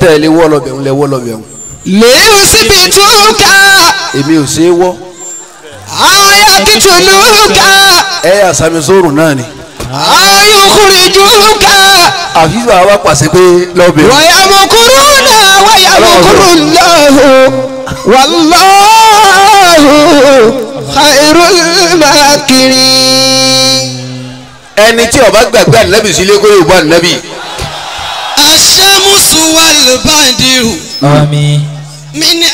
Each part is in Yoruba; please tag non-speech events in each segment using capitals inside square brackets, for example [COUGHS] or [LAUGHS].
tẹ̀lé wọ́lọ́bẹ̀ ń lẹ wọ́lọ́bẹ̀ ń. lèyí ò síbi túkà. èmi ò ṣe é wọ́. àyà kìtùnú ká. ẹ àsàmì sóòrùn náà ni. àyà òkúri jù ká. àfi bàbá pàṣẹ pé lọ́bẹ̀. wàyà mọ̀kúrú náà wàyà mọ̀kúrú náà wàlláhu khairul makirin. ẹni tí ó bá gbàgbé ànábì sílé kó yóò bá ànábì alùbádìrù. àmín. mi ni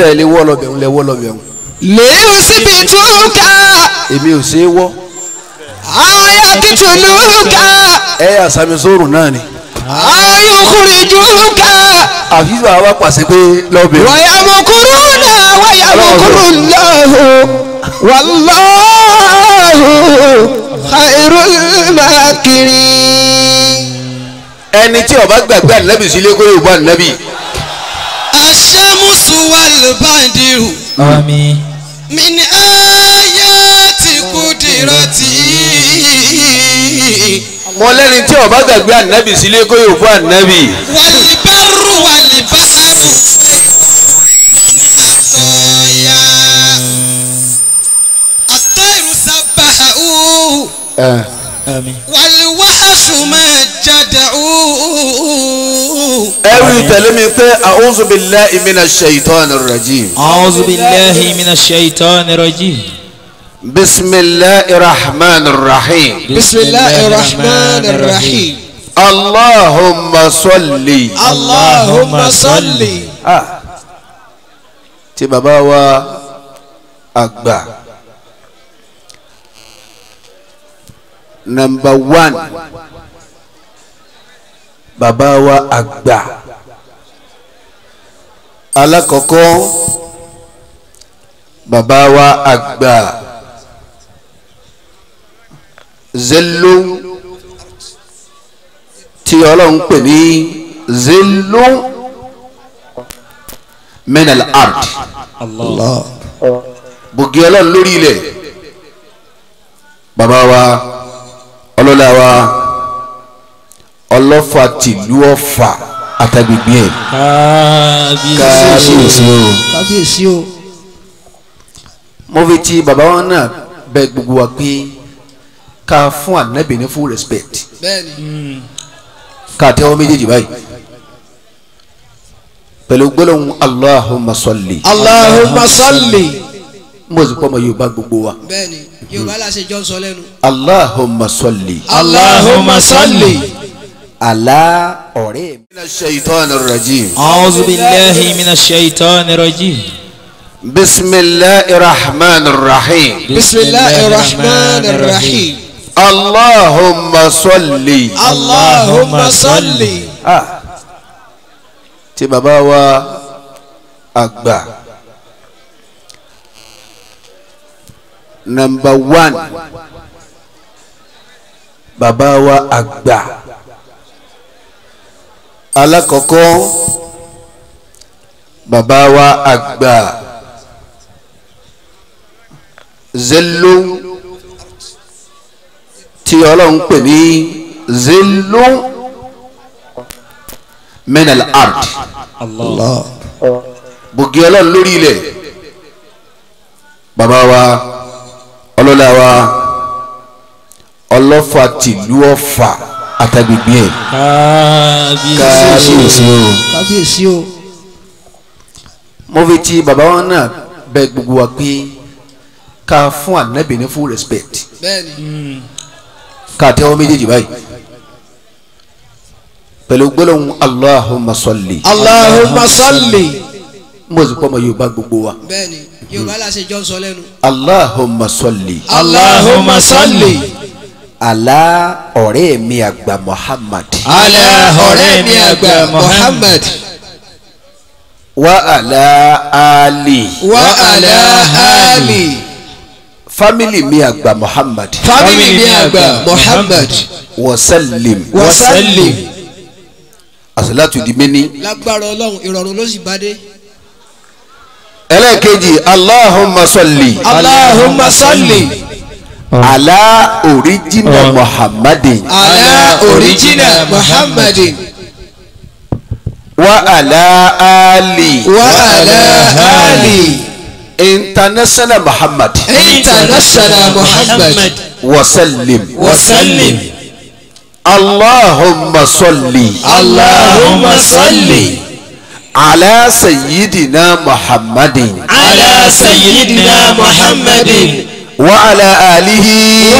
tẹ́ ẹ lé wọ́ lọ bẹ̀rù lẹ wọ́ lọ bẹ̀rù. lèyìn síbi túkà. èmi ò ṣeé wọ́. àwọn yà kìtù lùkà. ẹ yà sami sóòrù náà ni. àwọn yóò kúrè jùkà. àfi bàbá pàṣẹ pé lọ wàyà mú kúrú náà wàyà mú kúrú lọ́hùn wàlọ́hùn khairul makirin. ẹni tí ó bá gbàgbé ànábì sílé kó yóò bá ànábì. والبدر آمين من آيات قدرتي mo lẹ́ni tí ó bá gbàgbé ànábì sílé kó yóò fún ànábì. wàlìbárù wàlìbárù àtọ̀yà àtọ̀yìrù sábàáhù wàlìwà àṣùmọ̀ jàdàú ẹ wí tẹ̀lé mi pé a'udhu billahi minash shaitanir rajim. a'udhu billahi minash shaitanir rajim. bisimilahi rahmanir rahim. bisimilahi rahmanir rahim. allahumma salli. allahumma salli. ah ti bàbá wa àgbà. number one. Baba wa àgbà alákọ̀ọ́kọ́ Baba wa àgbà zelo tí ọlọ́run pè ní zelo menal art. Allah bùgì ọlọ́run lórí ilẹ̀ bàbá wa ọlọ́lá wa ọlọ́fà tìlú ọ̀fà àtàgbègbè ẹ̀. kábíyèsí o kábíyèsí o. mo fi ti bàbá wọn náà bẹ̀ gbogbo wa pé ká fún ànábì ní full respect ká tẹ́wọ́ méjèèjì báyìí pẹ̀lú gbólóhùn Allahumma salli. Allahumma salli mo sì pọ́mọ yorùbá gbogbo wa. bẹ́ẹ̀ni yorùbá la ṣe jọ sọ lẹ́nu. Allahumma salli. Allahumma salli àlá ọ̀rẹ́ mi. mina shaitan rajim. a'udhu billahi mina shaitan rajim. bisimilahi rahman rahim. bisimilahi rahman rahim. allahumma salli. allahumma salli. ah ti bàbá wa àgbà. number one bàbá wa àgbà alákọ̀ọ́kọ́ bàbá wa àgbà zelo tí ọlọ́run pè ní zelo menal ard Allah bùgì ọlọ́run lórí ilẹ̀ bàbá wa ọlọ́lá wa ọlọ́fà tìlú ọ̀fà àtàgbègbè ẹ̀ kábíyèsí o kábíyèsí o mo fi ti bàbá wọn náà bẹ̀ gbogbo wa pé ká fún ànábì ní full respect ká tẹ́wọ́ méjèèjì báyìí pẹ̀lú gbólóhùn Allahumma salli. Allahumma salli mo sì pọ́mọ yorùbá gbogbo wa. bẹ́ẹ̀ni yorùbá la ṣe sọ lẹ́nu. Allahumma salli. Allahumma salli ala ọ̀rẹ́ mi àgbà muhammad. ala ọ̀rẹ́ mi àgbà muhammad. wa ala ali. wa ala ali. family mi àgbà muhammad. family mi àgbà muhammad. wasalim. wasalim. asalatu di mini. lágbára ọlọ́run ìrọ̀rùn ló sì bá dé. ẹlẹ́ẹ̀kejì allahumma salli. allahumma salli. Ah. ala orijina ah. muhammadin. ala orijina muhammadin. wa ala ali. wa ala ali. international muhammad. international muhammad. wasallim. wasallim. allahumma salli. allahumma salli. على سيدنا muhammadin. على سيدنا muhammadin. وعلى آله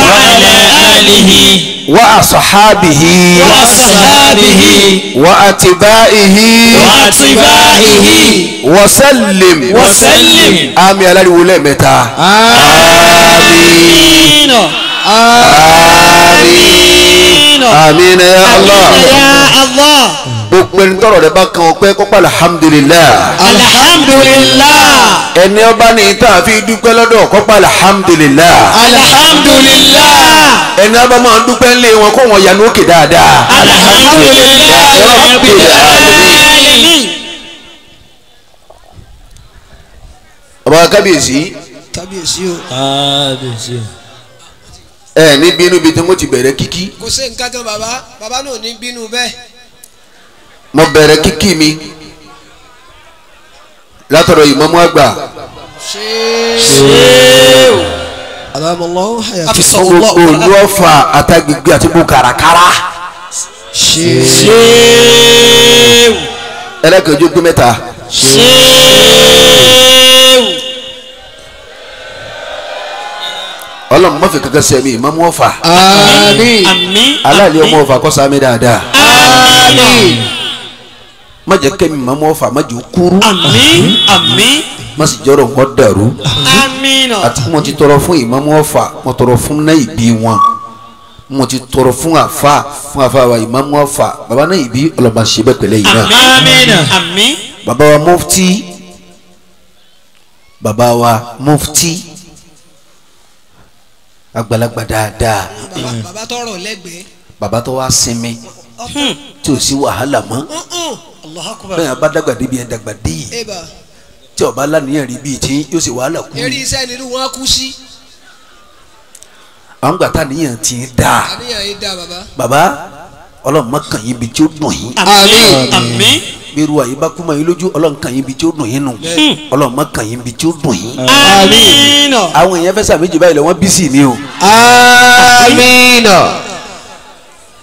وعلى آله وأصحابه وأصحابه وأتباعه وأتباعه وسلم وسلم آمين على الولمتا آمين آمين آمين يا الله آمين يا الله gbogbo ẹni tọrọ rẹ bá kan ọpẹ́ kọpọ alhamdulilayi. alhamdulilayi. ẹni ọba ní ìta fi dúpẹ́ lọ́dọ̀ kọpọ alhamdulilayi. alhamdulilayi. ẹni ọba máa ń dúpẹ́ ńlẹ̀ wọn kó wọn yanu òkè dáadáa. alhamdulilayi. rabbil alamin. ọba kábíyèsí. kábíyèsí o. kábíyèsí o ẹ ní bínú bíi tí mo ti bẹ̀rẹ̀ kíkí. kò sí nǹkan kan bàbá bàbá náà ní bínú bẹ́ẹ̀ mo bẹ̀rẹ̀ kíkì mi látọ̀rọ̀ ìmámù àgbà. olú ọ̀fà àtàgbègbè àti gbogbo kàràkàrà. ẹlẹ́kẹ̀ẹ́ ojú gbé mẹ́ta. ọlọ́run má fi kankan sẹ́mi ìmámù ọ̀fà. àmín. aláàlẹ́ ọmọ ọ̀fà kọ́sàmì dáadáa. àmín má jẹ́ kẹ́mi mọ́mọ́ fà má jẹ́ kúrú. àmín àmín. má sì jọrọ nǹkan dàrú. àmín. àti mo ti tọrọ fún ìmọ̀mọ́ fà mo tọrọ fún náà ìbí wọn mo ti tọrọ fún àfa fún àfa wa ìmọ̀mọ́ fà baba náà ìbí ọlọ́ba ṣe bẹ́ẹ̀ pẹ̀lẹ́ yìí náà. àmín àmín. baba wa mufti baba wa mufti àgbàlagbà dáadáa. baba tọrọ lẹ́gbẹ̀ẹ́. baba tó wá sinmi hmm. tí ò sí wàhálà mọ́ bẹ́ẹ̀ bá dàgbà débi ẹ̀ dàgbà dé yìí tí ọba lánìyàn rí bíi tí yóò ṣe wàhálà kú. eré iṣẹ́ nínú wọn kú sí. àwọn gbà tá níyàn ti ń dà. àníyàn yìí dà bàbá. bàbá ọlọ́run má kàn yín bi tí ó dùn yín. àmín àmín. gbèrú àyè bá kú mọ́ yín lójú ọlọ́run kàn yín bi tí ó dùn yín nù. Hmm. ọlọ́run má yín bi tí ó dùn yín. àmín. àwọn èèyàn fẹ́ sàmì jù báyìí lọ bí sí mi o. àmín.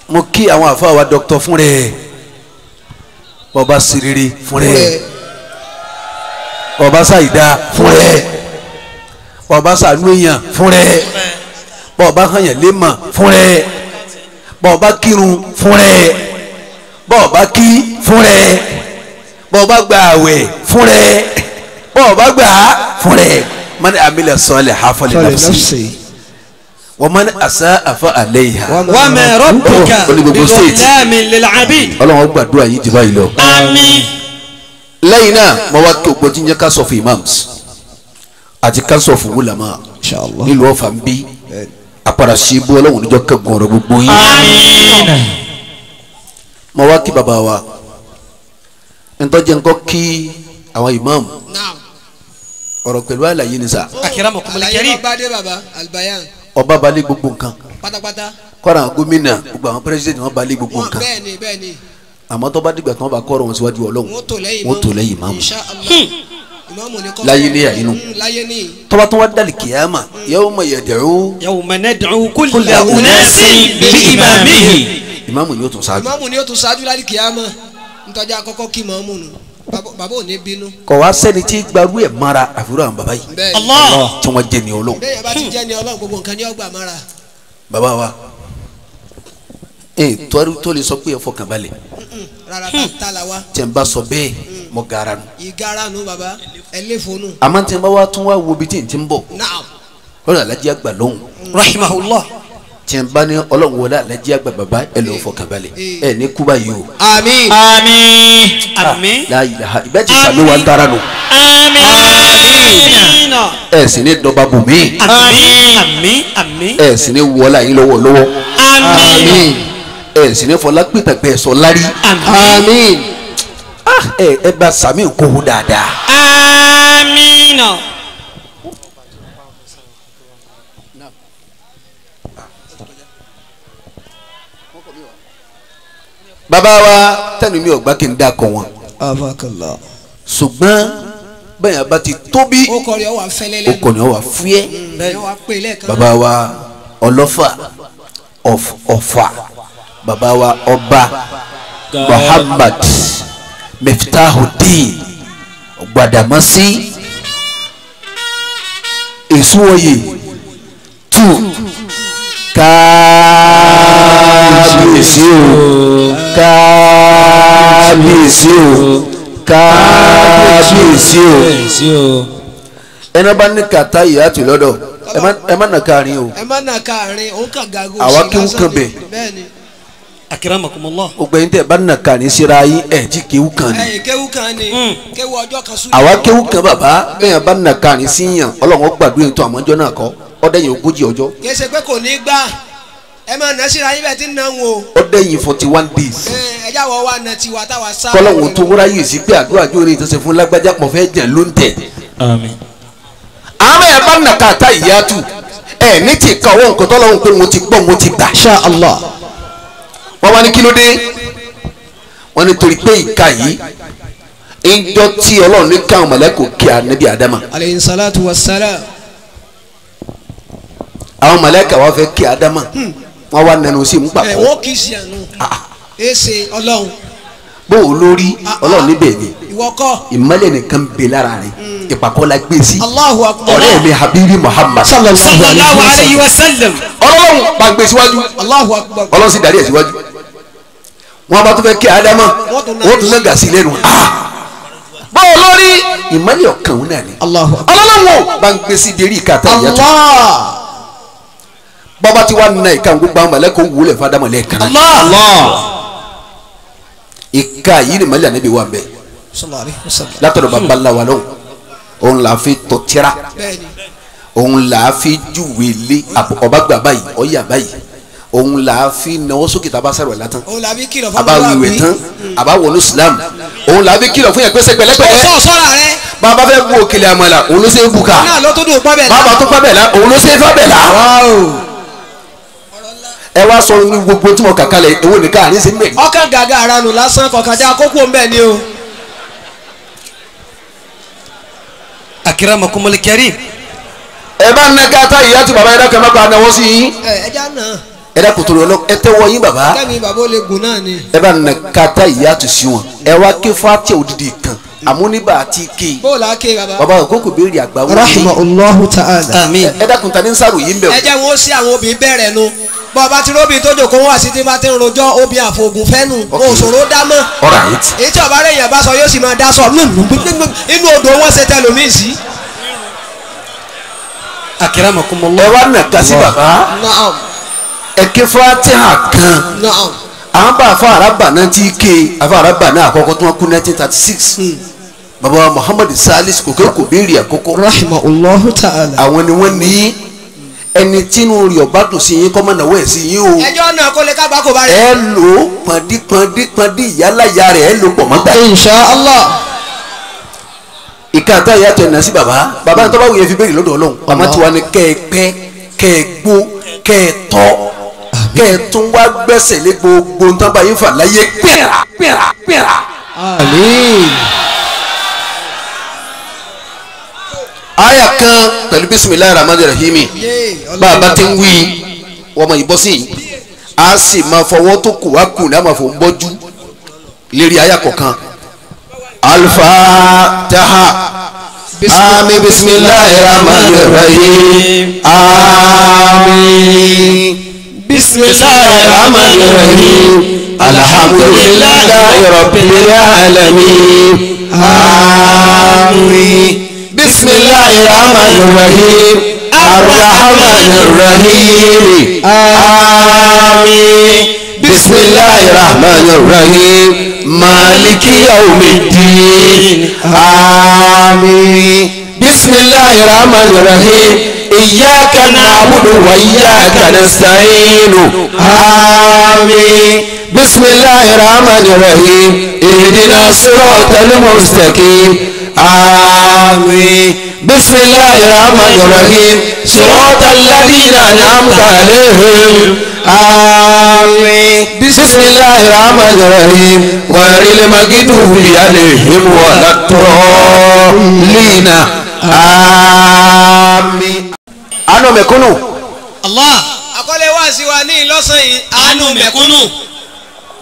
mo kí àwọn àfa wa fún rẹ̀ bọba siriri fún rẹ bọba sàyídá fún rẹ bọba sànúyàn fún rẹ bọba hànyàn lémà fún rẹ bọba kírun fún rẹ bọba kí fún rẹ bọba gba àwẹ̀ fún rẹ bọba gbà fún rẹ mani amílẹ̀ sọ́ọ̀lẹ̀ hafọ́lẹ̀ nàfṣì wa man asaa fa alayha. wa ma rabbuka bighafilin lil abid. ọlọ́run gbàdúrà yìí jìbá yìí lọ. àmín. lẹ́yìn náà mo wá kí ogbó jíjẹ́ council of imams àti council of wulama nílùú ọ̀fà ń bí àpàrà sí ibú ọlọ́run níjọ́ kẹ́gun ọ̀rọ̀ gbogbo yín. àmín. mo wá kí bàbá wa ntọ́jẹ́ nǹkan kí àwọn imam ọ̀rọ̀ pẹ̀lú àlàyé ni sà. akérèmọ̀kùnrin kẹrin. àlàyé ọba balẹ̀ gbogbo nǹkan kọ́ra àwọn gómìnà gbogbo àwọn pírẹsidẹ̀ntì wọn balẹ̀ gbogbo nǹkan àmọ́ tó bá dìgbà tí wọ́n bá kọ́ra wọn síwájú ọlọ́run wọ́n tó lẹ́yìn ìmáàmù hmm. láyé ní àyínú hmm, tọ́ba tó wá dàlí kìyàmà yawma yad'u. yawma nad'u kulla unasin bi imamihim. ìmáàmù ni yóò tún ṣáájú. ìmáàmù ni yóò tún ṣáájú láti kìyàmà ntọ́jà àkọ́kọ́ bàbá ò ní bínú. kò wá sẹ́ni tí gbarú ẹ̀ mara àfúrò àwọn bàbá yìí. Allah tí wọ́n jẹ́ ni Ọlọ́run. bẹ́ẹ̀ bá ti jẹ́ ni Ọlọ́run gbogbo nǹkan ni ó gbà mara. bàbá wa ee tọ́rí tó lè sọ pé ẹ fọkàn balẹ̀. rárá tá hmm. la wa. tẹ̀ ń bá sọ bẹ́ẹ̀ mm. mo gara nu. ìgara nu bàbá ẹ àmọ́ tẹ̀ ń bá wa tún wá wo bí tí n ti ń bọ̀. naam. lọ́dọ̀ alájí àgbà lóhùn. Mm. rahimahullah tí n bá ní ọlọ́run wọlé alájí àgbà bàbá ẹ lọ́ọ́ fọkànbalẹ̀ ẹ ní kúbà yìí o. àmín àmín àmín ìbẹ́ ti sàmì wa ń tara nù. àmín ẹ sì ní dọba bù mí. àmín àmín ẹ sì ní wọlé àyín lọ́wọ́ lọ́wọ́. àmín ẹ sì ní fọlá pìtàgbẹ́ sọ lárí. àmín ah, ẹ bá sàmì kó o Baba wa tẹnu mi ò gbá kí n dá kọ wọn. abakala. ṣùgbọ́n bẹ́ẹ̀ bá ti tóbi okòrè ọwà fẹ́lẹ́lẹ́ okòrè fúyẹ́ bàbá wa ọlọ́fà ọ̀fà bàbá wa ọba Muhammad Miftahudeen Gbàdámọ́sí Èsúwòye two kábíyèsí o kábíyèsí o kábíyèsí o ẹni bá ní kàtá ìyá tì lọ́dọ̀ ẹ má nà káàrin o ẹ má nà káàrin o kà gàgò sí lásán àwa kí n kàn bẹ̀ akiramakumullah. gbogbo yín tẹ bá nà kà ní yín ẹ jí kéwú kan ni. Hmm. àwa kéwú kan bàbá bẹ́ẹ̀ bá nà kà síyàn ọlọ́run ó gbàdúrà tó àmọ́jọ́ náà kọ́ ọdẹyìn ogójì ọjọ́. kì í ṣe pé kò ní gbà ẹ máa nà síra yín bẹ́ẹ̀ tí nà ń ọdẹyìn forty one days. ẹ já wọ wa nà tiwa táwa sá. kọ́lọ́hún tó wúra yìí sí pé àdúrà jóore ìtọ́sẹ̀ fún lágbájá pọ̀ fẹ́ jẹ̀ ló ń tẹ̀. àmín. àárẹ̀ ẹ bá nà káàtá ìyá tù ẹ ní ti ka owó nǹkan tọ́lọ́hún pé mo ti gbọ́ mo ti gbà. Insha Allah. wọ́n wá ní kí ló dé wọ́n ní torí pé ìka yìí ń jọ tí ọlọ́run ní káwọn mọ̀lẹ́kọ̀ọ́ kí àwọn màláíkà wa fẹ́ kí Ádámà hmm. wọ́n wá nẹnu sí mú pàkọ́. ẹ̀wọ́ kì í ṣe àánú èsè ah, ah. ọlọ́run. bó o lórí ah, ọlọ́run níbẹ̀ ni ìmọ̀lẹ̀ nìkan bẹ lára rẹ̀ hmm. ìpàkọ́ gbé sí. ọ̀rẹ́ mi habibi muhammad sallallahu alayhi wa sallam. ọlọ́run bá gbé síwájú ọlọ́run sì darí ẹ̀ síwájú. wọ́n bá tún fẹ́ kí Ádámà wọ́n tún náà gà sí lẹ́nu bó o lórí ìmọ̀lẹ̀ ọ̀kan náà ni ọlọ́run bá sí dérí ìkàtà ìyàtọ̀ bàbá tí wàá nà ìka gbogbo àwọn mọ̀lẹ́kọ̀ wúlẹ̀ fún adamu lẹ́ẹ̀kan ìka yìí ni mọ̀lẹ́ ànábì wà bẹ́ẹ̀ látọ̀dọ̀ bàbá ńlá lọ́wọ́ òun là á fi tọ́tíra òun là á fi júwe lé ọba gbà báyìí ọyà báyìí òun là á fi náwó sókè tá a bá sàrò ẹ̀ látàn a wíwẹ̀ tán a wọnú Islam òun là á fi kìlọ̀ fún yẹn pẹ́sẹ́ pẹ́lẹ́pẹ́lẹ́ bàbá fẹ́ bu òkèlè àmàlà òun ló ṣe bu ká bàbá tó pẹ́ bẹ̀ la òun ló ṣe fẹ́ bẹ̀ la ẹ wá sọ ní gbogbo tí mo kà kalẹ̀ èwo nìkan àní sí mbẹ. ọkàn gàgà ara lásán kọkàn dá kókó mbẹ ni o. akira makumali kẹri. ẹ bá nà ká tá ìyá tí baba yẹn dákẹ́ mẹ́kọ̀ọ́ àná wọ́n sí yín. ẹ já nà. ẹ dákun tó lọ ẹ tẹ wọ yín baba. kẹ́mi bàbá ó lè gùn náà ni. ẹ bá nà ká tá ìyá tó sí wọn. ẹ wá ké fati òdìdí kan àmúnibà àti ké. bóòlà ké baba. baba òkòkò béèrè àgbà wọlé. rahma allahu ta'ala. àmín. ẹ dákun ta ni n sáró yín bẹ̀ wò. ẹ jẹ́ wọn sí àwọn obìnrin bẹ́ẹ̀ rẹ̀ nu bọ́ọ̀bá tí róbì tó jòkó wá sí ti bá ti ń rojọ́ obì àfògùn fẹ́nu òṣòro dámọ́ èyí tí ọ̀bá rẹ̀ yẹn bá sọ yóò sì máa dá sọ inú odò wọn ṣe tẹlòmíì sí. akiramakumullah. ẹ wá nàka sí bàbá ẹ fatiha kan àwọn bá afa araba ti ké afa araba náà àkọ́kọ́ tí kú nineteen thirty six hmm. bàbá muhammad salis kò kéwòn kò béèrè àkọ́kọ́. rahimahullahu ta'ala. àwọn ni wọ́n ní ẹni tínú rí ọba dùn sí yín kọ́mọ̀nà wẹ̀ sí yín o. ẹjọ́ náà kó lè kábàá kó bá rẹ̀. ẹ lò ó pọ̀ndí ìyálàyà rẹ̀ ẹ lò pọ̀ mọ́gbà. insha Allah. ìka àtà ìyá tó ẹ̀nà sí bàbá bàbá tó bá wù yẹn fi béèrè lọ́dọ̀ ọlọ́run àmọ́ tí wàá ní kẹ́ ẹ pẹ́ kẹ́ ẹ wá gbẹ́sẹ̀ lé gbogbo ntọ́ba yín fà láyé pẹ́ra pẹ́ra pẹ́ra. àmín. aya kan pẹ̀lú bisimilayi rahman rahimi bàbá ti ń wí wọ́n mọ̀ ìbọ́ sí i a sì máa fọwọ́ tó kù wá kù ní máa fò bọ́jú lérí aya kọ̀ọ̀kan alfa taha ami bisimilayi rahman rahim ami bisimilayi rahman rahim alhamdulilayi rabbil alamin ami. بسم الله الرحمن الرحيم الرحمن الرحيم آمين بسم الله الرحمن الرحيم مالك يوم الدين آمين بسم الله الرحمن الرحيم إياك نعبد وإياك نستعين آمين بسم الله الرحمن الرحيم اهدنا الصراط المستقيم آمين بسم الله الرحمن الرحيم صراط الذين أنعمت عليهم آمين بسم الله الرحمن الرحيم غير المغضوب عليهم ولا الضالين آمين أنا mẹ̀kúnnù. الله أقول wá sí wa ní ìlọ́sàn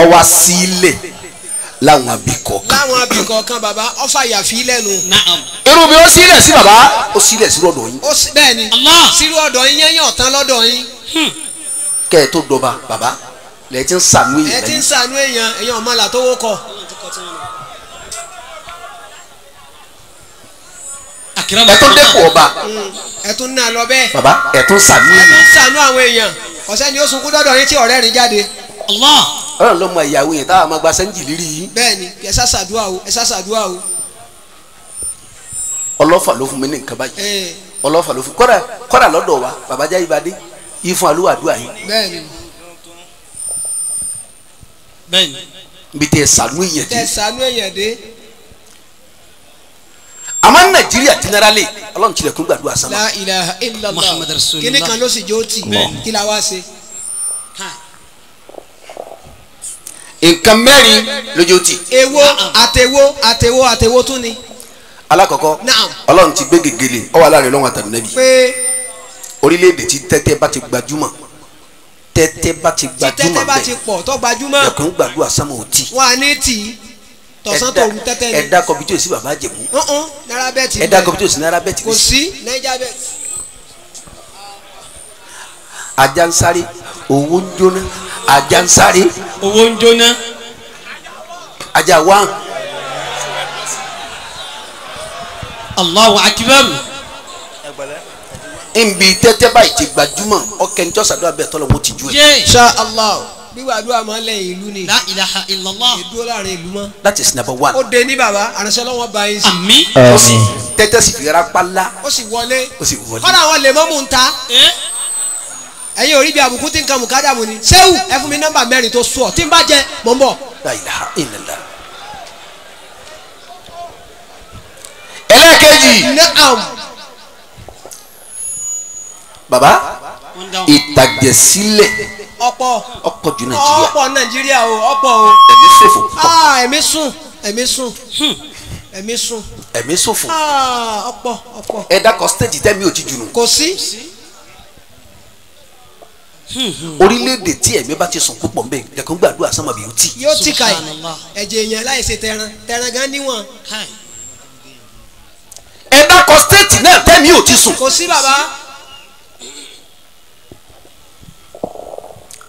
ọwọ́ sílẹ̀ láwọn abì kọ̀ọ̀kan. láwọn abì kọ̀ọ̀kan bàbá ọfà yàfi lẹ́nu. irun mi ó sílẹ̀ sí bàbá ó sílẹ̀ sí ọ̀dọ̀ yín. bẹ́ẹ̀ ni sírú ọ̀dọ̀ yín yẹn yàn tán lọ́dọ̀ yín. Hmm. kẹ́ ẹ tó dọba bàbá lẹ ti ń sànú èèyàn. ẹ ti ń sànú èèyàn èèyàn ọmọ là tó wó kọ. ẹ tún dẹ́kun ọba. Hmm. ẹ tún ná lọ bẹ́ẹ̀. bàbá ẹ tún sànú èèyàn. ẹ tún sànú àwọn èèyàn ọ̀sẹ̀ ni ó sunkún dọ́dọ̀ yín tí ọ̀rẹ́ rìn jáde. Allah. ọlọ́run ló mọ ìyàwó yẹn táwọn ọmọ gba sẹ́ńjì lérí yìí. bẹ́ẹ̀ni ẹ sá ṣàdúrà o ẹ sá ṣàdúrà o. ọlọ́fà ló fún mi ní nǹkan báyìí eh. ọlọ́fà ló fún kọ́dà kọ́dà lọ́dọ̀ wa bàbá jáde bá dé ìfún alúwàdúrà yìí. bẹ́ẹ̀ni bẹ́ẹ̀ni. bí tẹ sànú èèyàn dé. tẹ sànú èèyàn dé. àmọ́ nàìjíríà generally ọlọ́run tilẹ̀ kún gbàdúrà sánmà. la ilaha illallah kí ni kan ló sì jó tì kí la wá nǹkan mẹ́rin lójó tì. èwo àtẹ̀wó àtẹ̀wó àtẹ̀wó tún ni. alakọkọ Ọlọ́run ti gbé gègèlè ọwọ aláàrẹ lọ́wọ́ àtàlù nẹbi orílẹ̀-èdè tí tẹ́tẹ́ bá ti gbajúmọ̀ tẹ́tẹ́ bá ti gbajúmọ̀ bẹ́ẹ̀ ẹkùn gbàdúrà sámọ òtí. wà á ní tì í tọ̀sán tòun tẹ́tẹ́ ni. ẹ̀dá kọ̀bí tí o sí bàbá jẹ̀bú. Uh-uh, náírà bẹ́ẹ̀tì ẹ̀dá kọ̀bí tí o sí náírà bẹ́ẹ̀tì kò sí náírà bẹ́ẹ̀tì. ajá ń sáré owó ń jóná ajá ń sáré. owó ń jóná. ajá wá. Allahu akbar. nbi tẹ́tẹ́ báyìí ti gbajúmọ̀ ọkẹ́ ní tọ́sàdúrà bẹ́ẹ̀ tọ́lọ̀ wọ́n ti ju ẹ̀. insha Allah gbígbà àdúrà máa ń lẹ́yìn ìlú ni. la ilaha illallah. èdúró láàrin ìlú mọ́. that is number one. ó de ní baba àránṣẹ́ ba yín sí. àmín. ó sì tẹ́tẹ́ pa la. ó sì wọlé. ó sì wọlé. kọ́dà àwọn lèmọ́mù ń ta. Eh? ẹ̀yin orí bí àbùkù tí nǹkan mùkádà mu ni sẹ́wù ẹ fún mi nọ́mbà mẹ́rin tó sùọ́ tí n bá jẹ mọ̀ ń bọ̀. ẹlẹ́ẹ̀kejì. baba ìtàjẹ̀sílẹ̀ ọ̀pọ̀ ọ̀pọ̀ ju nàìjíríà ọ̀pọ̀ nàìjíríà o ọ̀pọ̀ o. ẹ̀mí ṣòfò. Ah, ẹ̀mí sùn ẹ̀mí sùn hmm. ẹ̀mí sùn. ẹ̀mí ṣòfò. Ah, ọ̀pọ̀ ọ̀pọ̀. ẹ dákọ̀ stéèjì tẹ́mi ò ti jù nù. kò sí orílẹ̀-èdè tí ẹ̀mí bá ti sùn púpọ̀ nbẹ̀ lẹ́kàn gbàdúrà sọ́mọ bí ó tì. yóò tì ká yìí ẹ̀jẹ̀ èèyàn láìsè tẹran tẹran gan níwọ̀n. ẹ dákọ stéètì náà tẹ́mi ò ti sùn. kò sí bàbá.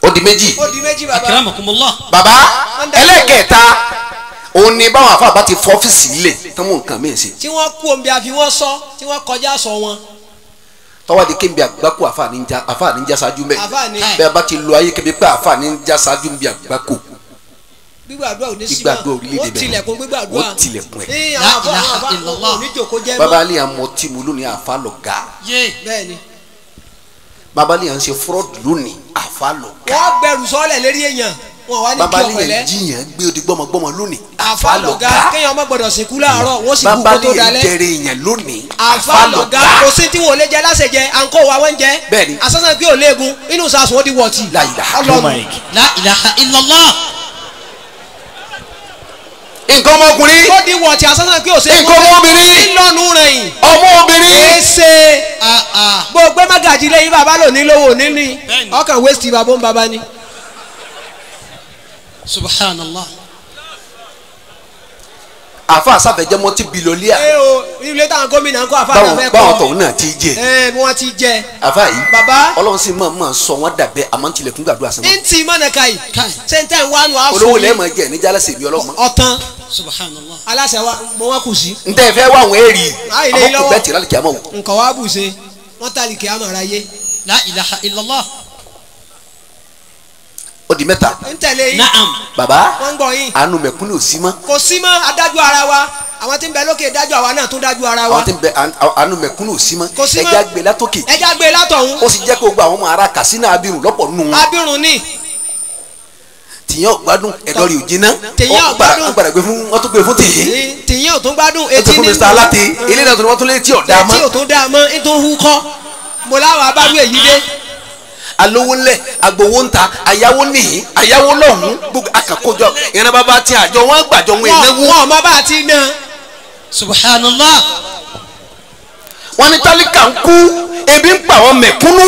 ó di méjì. ó di méjì bàbá. akramakumullah. bàbá ẹlẹ́kẹ̀ẹ́ta òun ni báwọn àfàbà ti fọ́ ọ́fíìsì lẹ̀ tán mú nǹkan mìíràn sí. tí wọ́n kú omi àfi wọ́n sọ tí wọ́n kọjá sọ wọn tọ́wọ́ di kébi àgbákò àfààní ńjà àfààní ńjà ṣáájú mẹ́ bẹ́ẹ̀ bá ti lo ayé kébi pé àfààní ńjà ṣáájú bí àgbákò gbígbàdúrà ò ní sí ma ó tilẹ̀kùn gbígbàdúrà ó tilẹ̀kùn ẹ̀ láàlá babali àmọ́ tí mo lónìí àfa lọ ga babali à ń ṣe fúrọ́ọ̀dù lónìí àfa lọ ga. wọ́n bẹ̀rù sọ́ọ̀lẹ̀ lérí èèyàn baba níyẹn jiyàn gbé odi gbọmọgbọmọ lónìí. àfa lọ̀gá kéèyàn ọmọ gbọdọ̀ sìnkú láàárọ̀ wọ́n sì kú kó tó dalẹ̀. baba níyẹn jẹrẹ èèyàn lónìí. àfa lọ̀gá kò sí tí wò lè jẹ lásè jẹ à ń kó wa wọ́n jẹ. bẹ́ẹ̀ni asasan kí o léegun inú sàásùn ó di wọ̀tì. la ilaha illallah nǹkan ọmọkùnrin. ó di wọ̀tí asánà kí o ṣe. nǹkan ọmọbìnrin. ìlọ́nu rẹ̀ yìí. ọmọ obìnrin. èsè. Ah, ah. gbogbo magaji lẹ́yìn bàbá lò ní lówó níní. ọkàn wẹ́sì bàbá ń bàbá ni subhanallah. àfa àsàfẹ̀jẹ̀ mọ́ ti bilọ́líà. ẹ eh o ilé táwọn gómìnà ń kọ́ àfa àtàfẹ́ kọ́ báwọn tọ̀hún náà ti jẹ. ẹ eh, wọn ti jẹ. àfa yìí baba ọlọ́run sì máa máa sọ wọn dàbẹ́ àmọ́ tilẹ̀kùn gbàdúrà sẹ́wọ̀n. ní ti mọ̀nàkà yìí sẹ́ńtẹ̀ ń wá nù àfọ̀ mi. olówó lẹ́ẹ̀ máa jẹ níjà aláṣẹ mi ọlọ́mọ. ọ̀tán subhanallah. aláṣẹ wa mo wá kù sí. n tẹ fẹ́ wá àwọn èrì àmọ́ kò bẹ́ẹ̀ tì ó di mẹ́ta. n tẹ̀lé yìí. naam. baba anu mẹ̀kúnnù ò sí mọ́. kò sí mọ́ adájọ́ ara wa àwọn tí ń bẹ lókè dájú àwa náà tún dájú ara wa. àwọn tí ń bẹ anu mẹ̀kúnnù ò sí mọ́. kò sí mọ́ ẹja gbé látòkè. ẹja gbé látọ̀hún. ó sì jẹ́ kó gba àwọn ọmọ ara kàsínà abirùn lọ́pọ̀ nù. abirùn ni tìyàn ò gbádùn ẹ̀dọ́ rí òjì náà tìyàn ò gbádùn ọgbàdà gbé fún wọn tó gbé fún tìyìn tìyàn ò tún gbádùn etí nínú ọtí fún mr aláte eléyìí náà tó ní wọn tún lé tí ò dáa mọ́ tí ò tún dáa mọ́ ètò alówó ńlẹ̀ agbowó ńta ayáwó nìyí ayáwó lọ́hùn gbogbo akàkójọ ìran bàbá tí àjọ wọn gbàjọ wọn ìnáwó. wọn ọmọ bá ti subhanallah. wọn ní tálíkà ń kú ebi ń pa àwọn mẹ̀kúnnù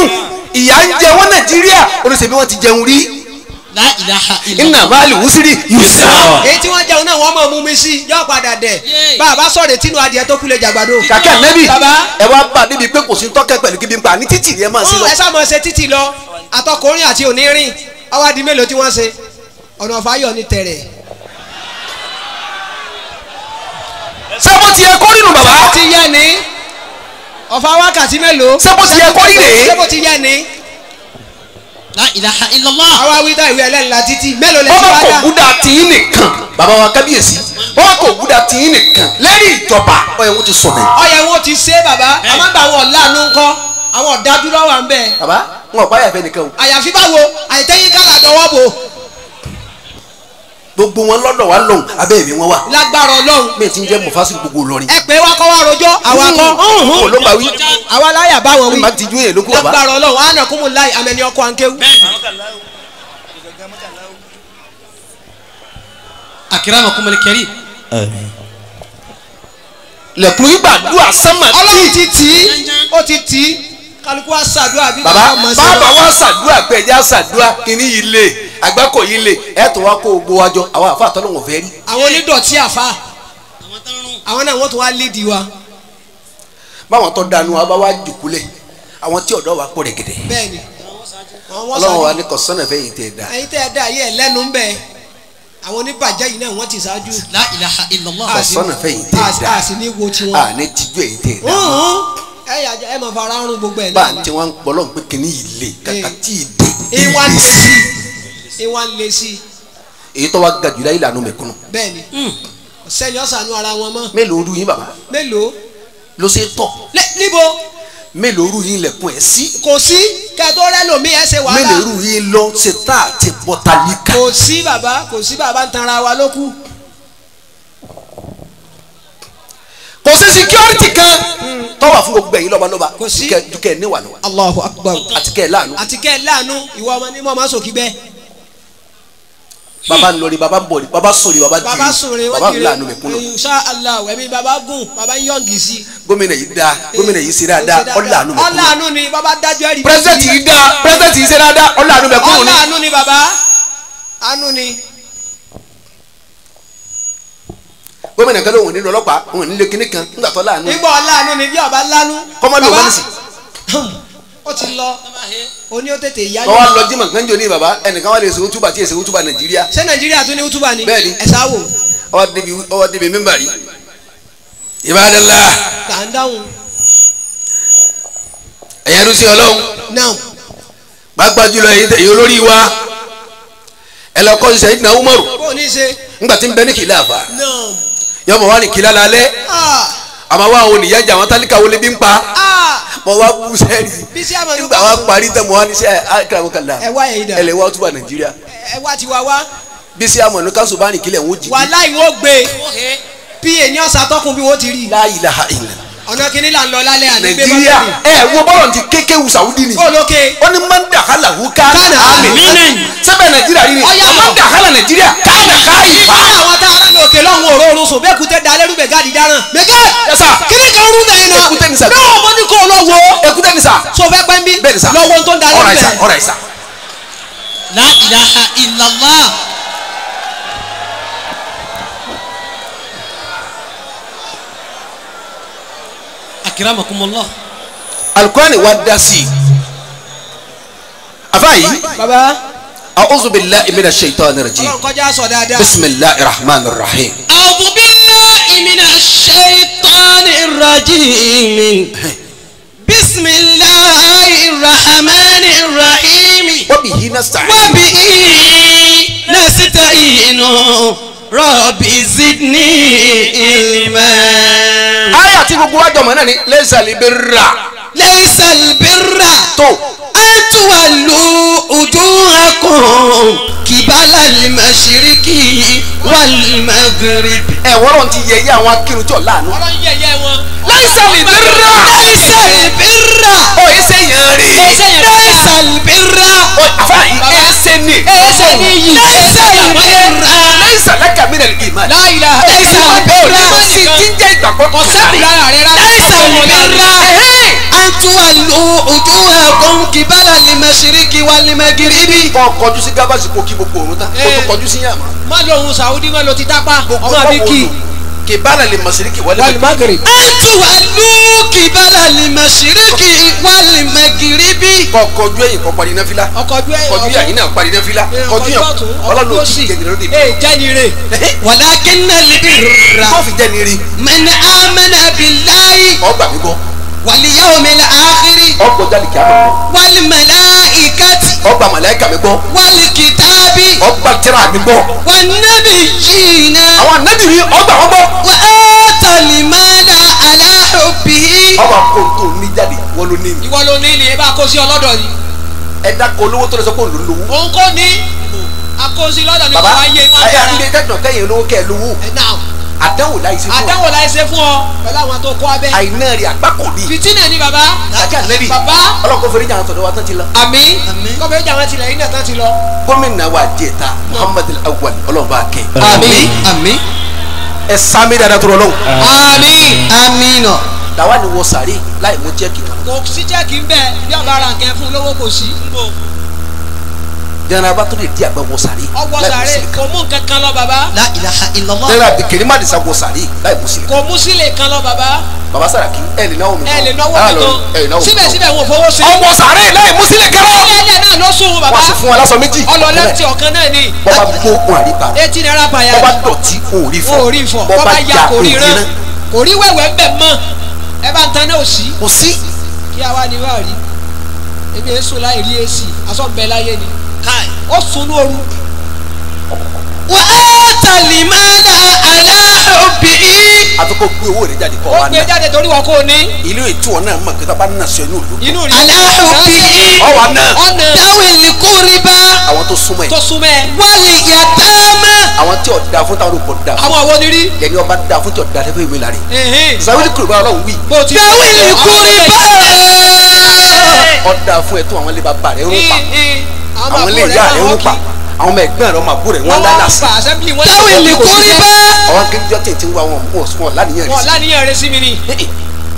ìyà ń jẹ wọn nàìjíríà oníṣẹ́ bí ti jẹun rí iná máa lè wúsírì yusra. èyí tí wọ́n jẹun náà wọ́n mọ̀ mú mi sí yóò padà dẹ̀ bàbá sọ̀rọ̀ tínú adìẹ tó kú lè jàgbàdo. kàkẹ́ nẹ́bí ẹ wá bá níbi pé kò sí tọ́kẹ́ pẹ̀lú kíbi ń pa ní títì yẹn máa ṣe lọ. ẹ sá máa ṣe títì lọ àtọkùnrin àti onírin ọwọ́ adi mélòó tí wọ́n ṣe ọ̀nà fáyọ̀ ní tẹ̀rẹ̀. ṣé bó ti yẹ kó bàbá. ọ̀fà wákàtí mélòó. ṣé bó ti yẹ kó la ilaha illallah. àwa wí dá ìwé ẹlẹ́la títí mélòó lẹ́sìn wá dá. wọ́n kò búdà tìyín nìkan Baba, wa kábíyèsí wọ́n kò búdà tìyín nìkan lẹ́yìn ìjọba ọ̀yẹ̀ wo ti sọ bẹ́ẹ̀. ọ̀yẹ̀ wo ti ṣe bàbá àmọ́gbà wọn lánàá ń kọ́ àwọn ọ̀dájú lọ́wọ́ à ń bẹ̀. bàbá wọn ò bá yàgbẹ́ nìkan o. àyàfi báwo àyẹ̀tẹ́yìn kálà dọwọ́ bò gbogbo wọn lọ́dọ̀ wa lọ́hùn abẹ́ mi wọn wà. lágbára ọlọ́hun. mi ti ń jẹ́ mufasi gbogbo lọrin. ẹ pé wá kọ́ wá rojọ́ àwa kọ́. o ló bá wí. àwa láyà bá wọn wí. má ti ju èlò kó wa. lágbára ọlọ́hun àna kó mu láì amẹni ọkọ ànkéwù. àkìrá ma kúmọ̀lì kẹrí. lẹ́kùn yìí gbàdúrà sánmà. ọlọ́run ti tì í ó ti tì í kálukú wa ṣàdúrà bí bàbá ọmọ sí wa. bàbá wa ṣàdúrà pé ẹjẹ ṣàdúrà kìíní yìí lè àgbákò yìí lè ẹ tó wá kó gbó wa jọ àwọn àfa àtọ́lọ́wọ̀n fẹ́ rí. àwọn onídọ̀tí àfa àwọn náà wọ́n tó wá lédi wa. báwọn tó dànù wa bá wá jùkúlẹ̀ àwọn tí ọ̀dọ́ wa pọ̀ rẹ̀ gẹ̀dẹ̀. bẹ́ẹ̀ni ọlọ́run wa ní kọ̀sánà fẹ́ yìí tẹ̀ dá. ẹ̀yin tẹ̀ dá yẹ lẹ́nu ń bẹ̀ àwọn oníbàjẹ́ yìí náà wọ́n ti ṣáájú. la ilaha illallah. kọ̀sánà fẹ́ yìí tẹ̀ dá. a sì ní wo tiwọn. a ní tijú ẹ̀yin tẹ̀ dá ẹ yà jẹ ẹ mọ fara ọrùn gbogbo ẹ náà. báà tí wọn ń pọlọ pé kìnní yìí le eh, kàkà tí ì dé. ìwà ń lesi ìwà ń lesi. èyí tó wá ga jùlọ ìlànà mẹ̀kúnnù. bẹ́ẹ̀ni sẹni hmm. ọsànù ara wọn mọ. mélòó ru yín bàbá. mélòó. ló ṣe tọ. níbo. mélòó ru yín lẹ̀kùn ẹ̀ sí. kò sí kẹtọ rẹ lomi ẹ ṣe wàhálà. mélòó ru yín lọ ṣe tá àti bọ́tà níkà. kò sí bàbá kò sí bàbá ń tanra wa lókù. kò sí security kan tọ́wà fún gbogbo ẹ̀yin lọ́balọ́ba dúkẹ́ níwà lọ́wọ́. Allahu Akbar àti kẹ́ ẹ̀ láàánú. àti kẹ́ ẹ̀ láàánú ìwọ ọmọ ní mọ̀ máa sòkì bẹ́ẹ̀. baba ńlọrin baba bọ̀rin baba Sori. baba diri baba sọ̀rin baba ńlanu mi kúnnà. insha Allah baba gùn baba yọ̀ǹgì sí. gómìnà yìí da gómìnà yìí ṣe dáadáa ọ̀làánú mi kúnnà. ọ̀làánú ni baba dájọ́ ẹ̀rí. pírẹsidẹ̀ntì yìí da pírẹsidẹ̀ntì yìí ṣe dáadáa ọ̀làánú mi kúnnà. ọ̀làánú ni baba Anu ni. gómìnà kan lóhùn nílò ọlọ́pàá òhun nílé kinní kan nígbà tó láàánú. nígbà ọ̀làánú ni bí ọba lánú. kọ́mọ ló wọ́n sì. ó ti lọ oní ó tètè yá. lọ́wọ́ lọ jimá kanjo ní baba ẹnìkan wà lè ṣe utuba tí yẹ ṣe utuba nàìjíríà. ṣé nàìjíríà tún ní utuba ni. bẹ́ẹ̀ni ẹ sá wò. ọwọ́ débi mímbà rí. ibadallah. ẹ lọ kọ́ ṣe ìdìnnà umaru. bó o ní ṣe. ńgbà tí ń bẹ ní kìláàfà. náà yọmọ wa ní kílá lálẹ́ ah. àmọ́ wa àwọn oníyàjà àwọn tálíkà wọlé bí ń pa ah. mọ wa kú sẹ́ẹ̀rì nígbà wa parí tẹ̀ mọ wa ní sẹ́ ah, àkàràmọ́ kàlà ẹ̀lẹ́ wa túbà nàìjíríà. ẹ wá ti wá wá. bísí àmọ̀nù kásùbánì kílẹ̀ ń wò jì. gbé pa ní ọ̀sà tọkùn bí wọ́n ti rí. láyìí láha ìlànà ọ̀nà kìíní là ń lọ lálẹ́ àná. nàìjíríà ẹ wo bọ́lọ̀ ti kéke wu sàwùdí ni. ó lókè. ó ní mọ́ndà kálà wù ká àmì nínú. sẹ́bẹ̀ nàìjíríà rí ni mọ́ndà kálà nàìjíríà káàdà káàyè fà. ìyá àwọn tá a rán ní òkè lọ́hùn òróorun sùn bẹ́ẹ̀ kúté dalẹ́rú bẹ̀ gáàdì dáràn. mẹ́gẹ́ kíní kan rú bẹ́ẹ̀ náà. èkúté so fẹ́ pẹ́ nbí. bẹ́ẹ̀ nìsa. lọ́wọ́ tó ń dalẹ́rú bẹ́ẹ̀. ọ̀rọ̀ ìsà la ilaha illallah. akramakumullah. alukurani wa da sí i afa yi. baba. a'udhu billahi minash shaitani rajim. kọjá sọ dáadáa. bismillahir rahmanir rahim. a'udhu billahi minash shaitani rajim. bismillahir rahmanir rahim. wa bihi nasta'in. wa bihi nasta'in. rabbi zidni ilma tí gbogbo wa náà ni lẹ́sàlẹ̀ bẹ́ẹ̀ rà laysal birra tó àtúwàlú ujuhakum kìbálà al-mashriqi wal-maghrib. ẹ wọ́n ti yẹyẹ àwọn akérò jọ láàánú. wọ́n yẹyẹ wọn. laysal birra. laysal birra. ó yẹ sẹ́yìn rí. laysal birra. àfa yìí ẹ ṣe ni. ẹ ṣe ni yìí. laysal birra. laysal laka min al-iman. la ilaha illa Allah. laysal birra. ìmọ̀ ni ti ń jẹ́ ìgbàgbọ́. ọ̀sẹ̀ kùlára rẹ̀ rà. birra an tuwallu wujuhakum qibala limashriqi walmaghribi. kọ́ kọjú sí gábàsì kò kí gbogbo òun tán kó tó eh. kọjú sí yàrá. má lọ ohun sàwùdí má lọ ti dápá ọmọ àbíkí. qibala limashriqi walmaghribi. an tuwallu qibala limashriqi walmaghribi. kọ́ kọjú ẹ̀yìn kọ́ parí náfìlà. kọjú ẹ̀yìn náà parí náfìlà. Eh, kọjú ẹ̀yìn ọlọ́run ti jẹnire eh, walakin al-birra. kọ́ọ̀fì jẹnire. man amana billahi. ọgbà mi gbọ́ wàlí yá omi la áhírí. ọgbọ jáde kí a máa gbọ́. wàlí mẹlẹ ìkẹtì. ọgbà mẹlẹ ìkà mi gbọ́. wàlí kìtàbí. ọgbà tíra mi gbọ́. wà nábì yìí na. àwọn anábì yìí ọgbà wọn gbọ́. wà á tọ̀lì mọ́lá aláhùbí. ọba kò tó ní jáde ìwọ ló ní ni. ìwọ ló ní ni ẹ bá kó sí ọlọ́dọ̀ yìí. ẹ dákọ̀ olówó tó lọ sọ pé òun ló lówó. òun kò ní. àkóso lọ́dọ̀ ni àdánwò láì ṣe fún ọ. àdánwò láì ṣe fún ọ pẹ̀lú àwọn tó kọ́ abẹ́. àìná rẹ̀ àgbákò ni. fìtínà ni bàbá. àjà lẹ́bi bàbá. ọlọ́kọ̀ fèrè jàǹtọ̀ ni wà tán ti lọ. àmín kọ́ fèrè jàǹtọ̀ ti lẹ̀ yín náà tán ti lọ. gómìnà wa jẹta muhammadu awwal ọlọ́run bá kẹ́. àmín àmín. ẹ sami dada tó lọ́wọ́. àmín àmín nọ. làwa ni wọ sàrí láì mú jẹ́kì kan. kò sí jẹ́kì ń bẹ̀ bí ọba ara nǹkan fún lówó kò sí jẹnaba tó lè di àgbà wọ sàrí. ọwọ sàrí kò mú nǹkan kan lọ baba. la ilaha illallah. jẹnaba kèrè má disa wọ sàrí láì mú sílẹ̀. kò mú sílẹ̀ kan lọ baba. baba Sàràkí ẹ lè náwó mi kan. ẹ lè náwó mi kan síbẹ̀síbẹ̀ wò fowó sí. ọwọ sàrí láì mú sílẹ̀ kẹrọ. ilé ẹ̀jẹ̀ náà ló sùn baba. wọ́n sì fún wa lásán méjì. ọlọ́lẹ́ ti ọ̀kan náà ni. bọ́ba gbó òun àríbá. etí ni ara bàyà. bọ́ba dọ̀tí òòrí fọ. òòrí fọ bọ́ba ya kò ríran kò rí wẹ̀wẹ̀ ń bẹ̀ mọ́ ẹ bá ń tan náà sí. kò sí. kí a wá ní wá rí ebi èso láì rí èsì asọ́nbẹ láyé ni kai ó sunú ooru. wà á tàlí máa la aláòbí. àtúkò gbé owó rẹ jáde kọ́ wa náà. ó gbé jáde torí wọn kò ní. ìlú ètò ọ̀nà mọ̀ kí tọ́ba náà sọ inú ìlú. inú rẹ aláòbí. ọwọ́ náà. ọ̀nà dáwìlì kúrìbá. àwọn tó súnmọ́ ẹ. tó súnmọ́ ẹ. wálé yàtá mọ́. àwọn tí ò da fún táwọn olùkọ́ da. àwọn àwọn onírí. yẹni ọba da fún tí ò da lẹ́fẹ̀ẹ́ ìwé la rẹ̀. ọ̀dà fún ẹ̀ tó àwọn ilé bàbá rẹ̀ ń pa àwọn ilé ìyá rẹ̀ ń pa àwọn ọmọ ẹgbẹ́ rẹ̀ ọmọ àbúrò rẹ̀ wọ́n lálà sí. táwọn ènìyàn kò rí bẹ́ẹ̀. àwọn akéwìjọ́ tètè ń wá wọn mú ọ̀sùn ọ̀làníyàn rẹ̀ sí mi ni